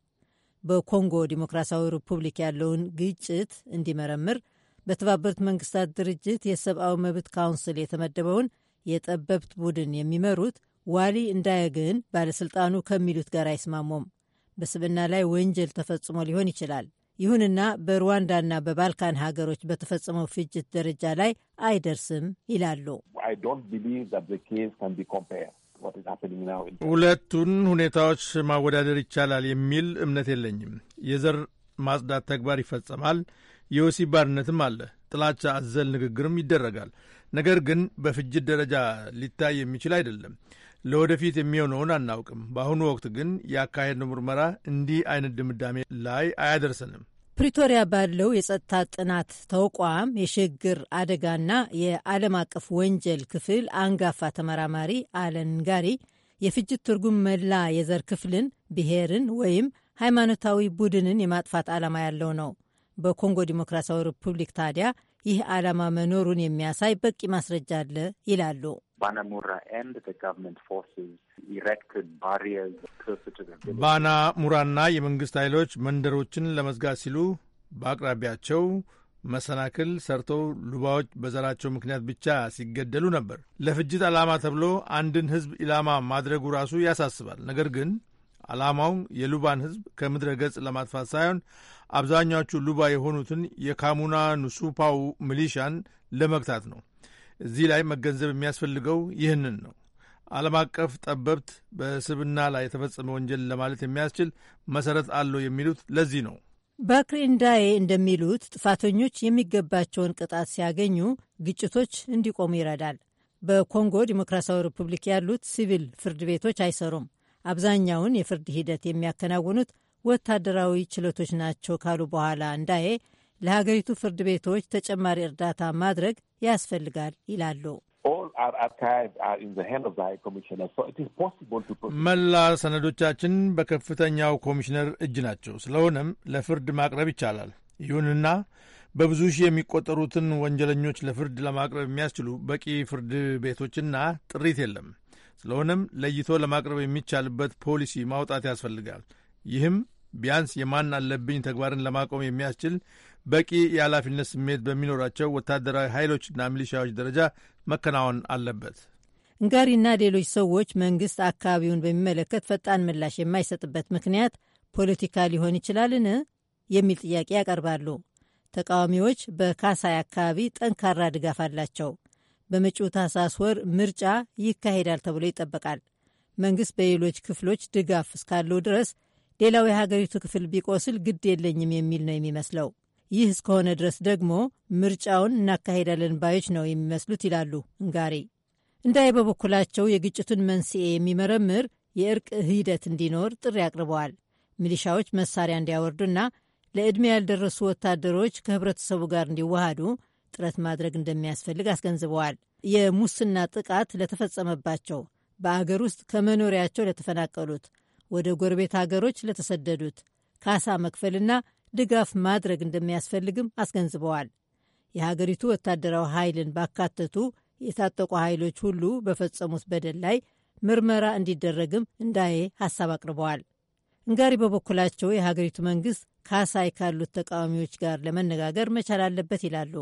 M: በኮንጎ ዲሞክራሲያዊ ሪፑብሊክ ያለውን ግጭት እንዲመረምር በተባበሩት መንግስታት ድርጅት የሰብአዊ መብት ካውንስል የተመደበውን የጠበብት ቡድን የሚመሩት ዋሊ እንዳየግን ባለሥልጣኑ ከሚሉት ጋር አይስማሙም። በስብና ላይ ወንጀል ተፈጽሞ ሊሆን ይችላል። ይሁንና በሩዋንዳና በባልካን ሀገሮች በተፈጸመው ፍጅት ደረጃ ላይ አይደርስም ይላሉ።
N: ሁለቱን ሁኔታዎች ማወዳደር ይቻላል የሚል እምነት የለኝም። የዘር ማጽዳት ተግባር ይፈጸማል፣ የወሲብ ባርነትም አለ፣ ጥላቻ አዘል ንግግርም ይደረጋል። ነገር ግን በፍጅት ደረጃ ሊታይ የሚችል አይደለም። ለወደፊት የሚሆነውን አናውቅም። በአሁኑ ወቅት ግን ያካሄድነው ምርመራ እንዲህ አይነት ድምዳሜ ላይ አያደርሰንም።
M: ፕሪቶሪያ ባለው የጸጥታ ጥናት ተቋም የሽግግር አደጋና የዓለም አቀፍ ወንጀል ክፍል አንጋፋ ተመራማሪ አለን ጋሪ የፍጅት ትርጉም መላ የዘር ክፍልን፣ ብሔርን ወይም ሃይማኖታዊ ቡድንን የማጥፋት ዓላማ ያለው ነው። በኮንጎ ዲሞክራሲያዊ ሪፑብሊክ ታዲያ ይህ ዓላማ መኖሩን የሚያሳይ በቂ ማስረጃ አለ ይላሉ።
G: ባና
N: ሙራና የመንግስት ኃይሎች መንደሮችን ለመዝጋት ሲሉ በአቅራቢያቸው መሰናክል ሰርተው ሉባዎች በዘራቸው ምክንያት ብቻ ሲገደሉ ነበር። ለፍጅት ዓላማ ተብሎ አንድን ሕዝብ ኢላማ ማድረጉ ራሱ ያሳስባል። ነገር ግን ዓላማው የሉባን ሕዝብ ከምድረ ገጽ ለማጥፋት ሳይሆን አብዛኛዎቹ ሉባ የሆኑትን የካሙና ንሱፓው ሚሊሻን ለመግታት ነው። እዚህ ላይ መገንዘብ የሚያስፈልገው ይህንን ነው። ዓለም አቀፍ ጠበብት በስብና ላይ የተፈጸመ ወንጀል ለማለት የሚያስችል መሰረት አለው የሚሉት ለዚህ ነው።
M: ባክሪ እንዳዬ እንደሚሉት ጥፋተኞች የሚገባቸውን ቅጣት ሲያገኙ ግጭቶች እንዲቆሙ ይረዳል። በኮንጎ ዲሞክራሲያዊ ሪፑብሊክ ያሉት ሲቪል ፍርድ ቤቶች አይሰሩም። አብዛኛውን የፍርድ ሂደት የሚያከናውኑት ወታደራዊ ችሎቶች ናቸው ካሉ በኋላ እንዳዬ ለሀገሪቱ ፍርድ ቤቶች ተጨማሪ እርዳታ ማድረግ ያስፈልጋል ይላሉ።
N: መላ ሰነዶቻችን በከፍተኛው ኮሚሽነር እጅ ናቸው። ስለሆነም ለፍርድ ማቅረብ ይቻላል። ይሁንና በብዙ ሺህ የሚቆጠሩትን ወንጀለኞች ለፍርድ ለማቅረብ የሚያስችሉ በቂ ፍርድ ቤቶችና ጥሪት የለም። ስለሆነም ለይቶ ለማቅረብ የሚቻልበት ፖሊሲ ማውጣት ያስፈልጋል። ይህም ቢያንስ የማን አለብኝ ተግባርን ለማቆም የሚያስችል በቂ የኃላፊነት ስሜት በሚኖራቸው ወታደራዊ ኃይሎችና ሚሊሻዎች ደረጃ መከናወን አለበት።
M: እንጋሪና ሌሎች ሰዎች መንግስት አካባቢውን በሚመለከት ፈጣን ምላሽ የማይሰጥበት ምክንያት ፖለቲካ ሊሆን ይችላልን የሚል ጥያቄ ያቀርባሉ። ተቃዋሚዎች በካሳይ አካባቢ ጠንካራ ድጋፍ አላቸው። በመጪው ታህሳስ ወር ምርጫ ይካሄዳል ተብሎ ይጠበቃል። መንግስት በሌሎች ክፍሎች ድጋፍ እስካለው ድረስ ሌላው የሀገሪቱ ክፍል ቢቆስል ግድ የለኝም የሚል ነው የሚመስለው። ይህ እስከሆነ ድረስ ደግሞ ምርጫውን እናካሄዳለን ባዮች ነው የሚመስሉት ይላሉ እንጋሪ። እንዳይ በበኩላቸው የግጭቱን መንስኤ የሚመረምር የእርቅ ሂደት እንዲኖር ጥሪ አቅርበዋል። ሚሊሻዎች መሳሪያ እንዲያወርዱና ለዕድሜ ያልደረሱ ወታደሮች ከህብረተሰቡ ጋር እንዲዋሃዱ ጥረት ማድረግ እንደሚያስፈልግ አስገንዝበዋል። የሙስና ጥቃት ለተፈጸመባቸው፣ በአገር ውስጥ ከመኖሪያቸው ለተፈናቀሉት ወደ ጎረቤት ሀገሮች ለተሰደዱት ካሳ መክፈልና ድጋፍ ማድረግ እንደሚያስፈልግም አስገንዝበዋል። የሀገሪቱ ወታደራዊ ኃይልን ባካተቱ የታጠቁ ኃይሎች ሁሉ በፈጸሙት በደል ላይ ምርመራ እንዲደረግም እንዳዬ ሀሳብ አቅርበዋል። እንጋሪ በበኩላቸው የሀገሪቱ መንግስት ካሳይ ካሉት ተቃዋሚዎች ጋር ለመነጋገር መቻል አለበት ይላሉ።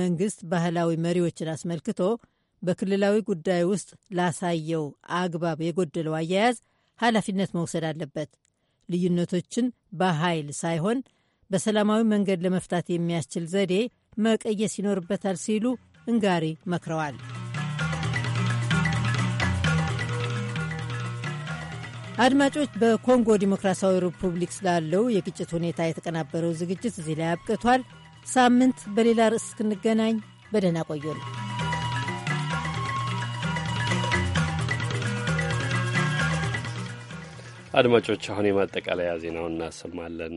M: መንግስት ባህላዊ መሪዎችን አስመልክቶ በክልላዊ ጉዳይ ውስጥ ላሳየው አግባብ የጎደለው አያያዝ ኃላፊነት መውሰድ አለበት። ልዩነቶችን በኃይል ሳይሆን በሰላማዊ መንገድ ለመፍታት የሚያስችል ዘዴ መቀየስ ይኖርበታል ሲሉ እንጋሪ መክረዋል። አድማጮች፣ በኮንጎ ዲሞክራሲያዊ ሪፑብሊክ ስላለው የግጭት ሁኔታ የተቀናበረው ዝግጅት እዚህ ላይ አብቅቷል። ሳምንት በሌላ ርዕስ እስክንገናኝ በደህና ቆየሉ።
A: አድማጮች አሁን የማጠቃለያ ዜናውን እናሰማለን።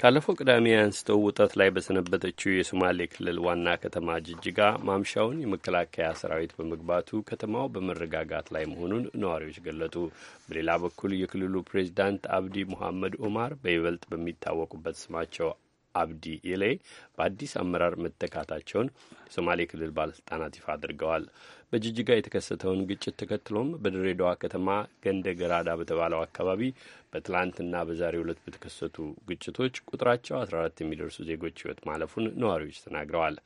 A: ካለፈው ቅዳሜ አንስተው ውጠት ላይ በሰነበተችው የሶማሌ ክልል ዋና ከተማ ጅጅጋ ማምሻውን የመከላከያ ሰራዊት በመግባቱ ከተማው በመረጋጋት ላይ መሆኑን ነዋሪዎች ገለጡ። በሌላ በኩል የክልሉ ፕሬዚዳንት አብዲ ሙሐመድ ኦማር በይበልጥ በሚታወቁበት ስማቸው አብዲ ኢሌ በአዲስ አመራር መተካታቸውን የሶማሌ ክልል ባለስልጣናት ይፋ አድርገዋል። በጅጅጋ የተከሰተውን ግጭት ተከትሎም በድሬዳዋ ከተማ ገንደ ገራዳ በተባለው አካባቢ በትላንትና በዛሬ ሁለት በተከሰቱ ግጭቶች ቁጥራቸው 14 የሚደርሱ ዜጎች ሕይወት ማለፉን ነዋሪዎች ተናግረዋል።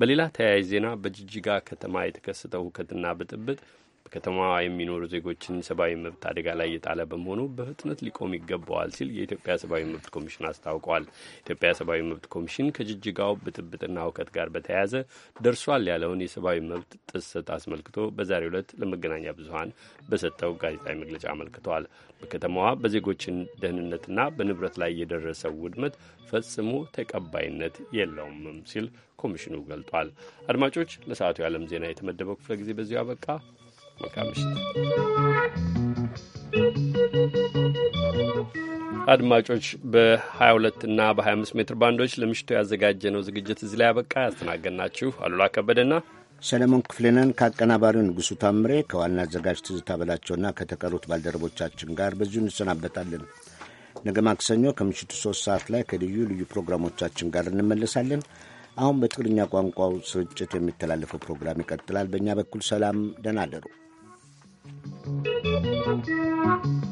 A: በሌላ ተያያዥ ዜና በጅጅጋ ከተማ የተከሰተው ሁከትና ብጥብጥ በከተማዋ የሚኖሩ ዜጎችን ሰብአዊ መብት አደጋ ላይ የጣለ በመሆኑ በፍጥነት ሊቆም ይገባዋል ሲል የኢትዮጵያ ሰብአዊ መብት ኮሚሽን አስታውቋል። ኢትዮጵያ ሰብአዊ መብት ኮሚሽን ከጅጅጋው ብጥብጥና እውከት ጋር በተያያዘ ደርሷል ያለውን የሰብአዊ መብት ጥሰት አስመልክቶ በዛሬው ዕለት ለመገናኛ ብዙኃን በሰጠው ጋዜጣዊ መግለጫ አመልክቷል። በከተማዋ በዜጎችን ደህንነትና በንብረት ላይ የደረሰው ውድመት ፈጽሞ ተቀባይነት የለውም ሲል ኮሚሽኑ ገልጧል። አድማጮች፣ ለሰዓቱ የዓለም ዜና የተመደበው ክፍለ ጊዜ በዚሁ አበቃ። መልካም ምሽት አድማጮች። በ22 እና በ25 ሜትር ባንዶች ለምሽቱ ያዘጋጀነው ዝግጅት እዚህ ላይ ያበቃ። ያስተናገድናችሁ አሉላ ከበደና
C: ሰለሞን ክፍሌነን ከአቀናባሪው ንጉሡ ታምሬ ከዋና አዘጋጅ ትዝታ በላቸውና ከተቀሩት ባልደረቦቻችን ጋር በዚሁ እንሰናበታለን። ነገ ማክሰኞ ከምሽቱ ሶስት ሰዓት ላይ ከልዩ ልዩ ፕሮግራሞቻችን ጋር እንመለሳለን። አሁን በትግርኛ ቋንቋው ስርጭት የሚተላለፈው ፕሮግራም ይቀጥላል። በእኛ በኩል ሰላም፣ ደህና አደሩ።
H: Thank you.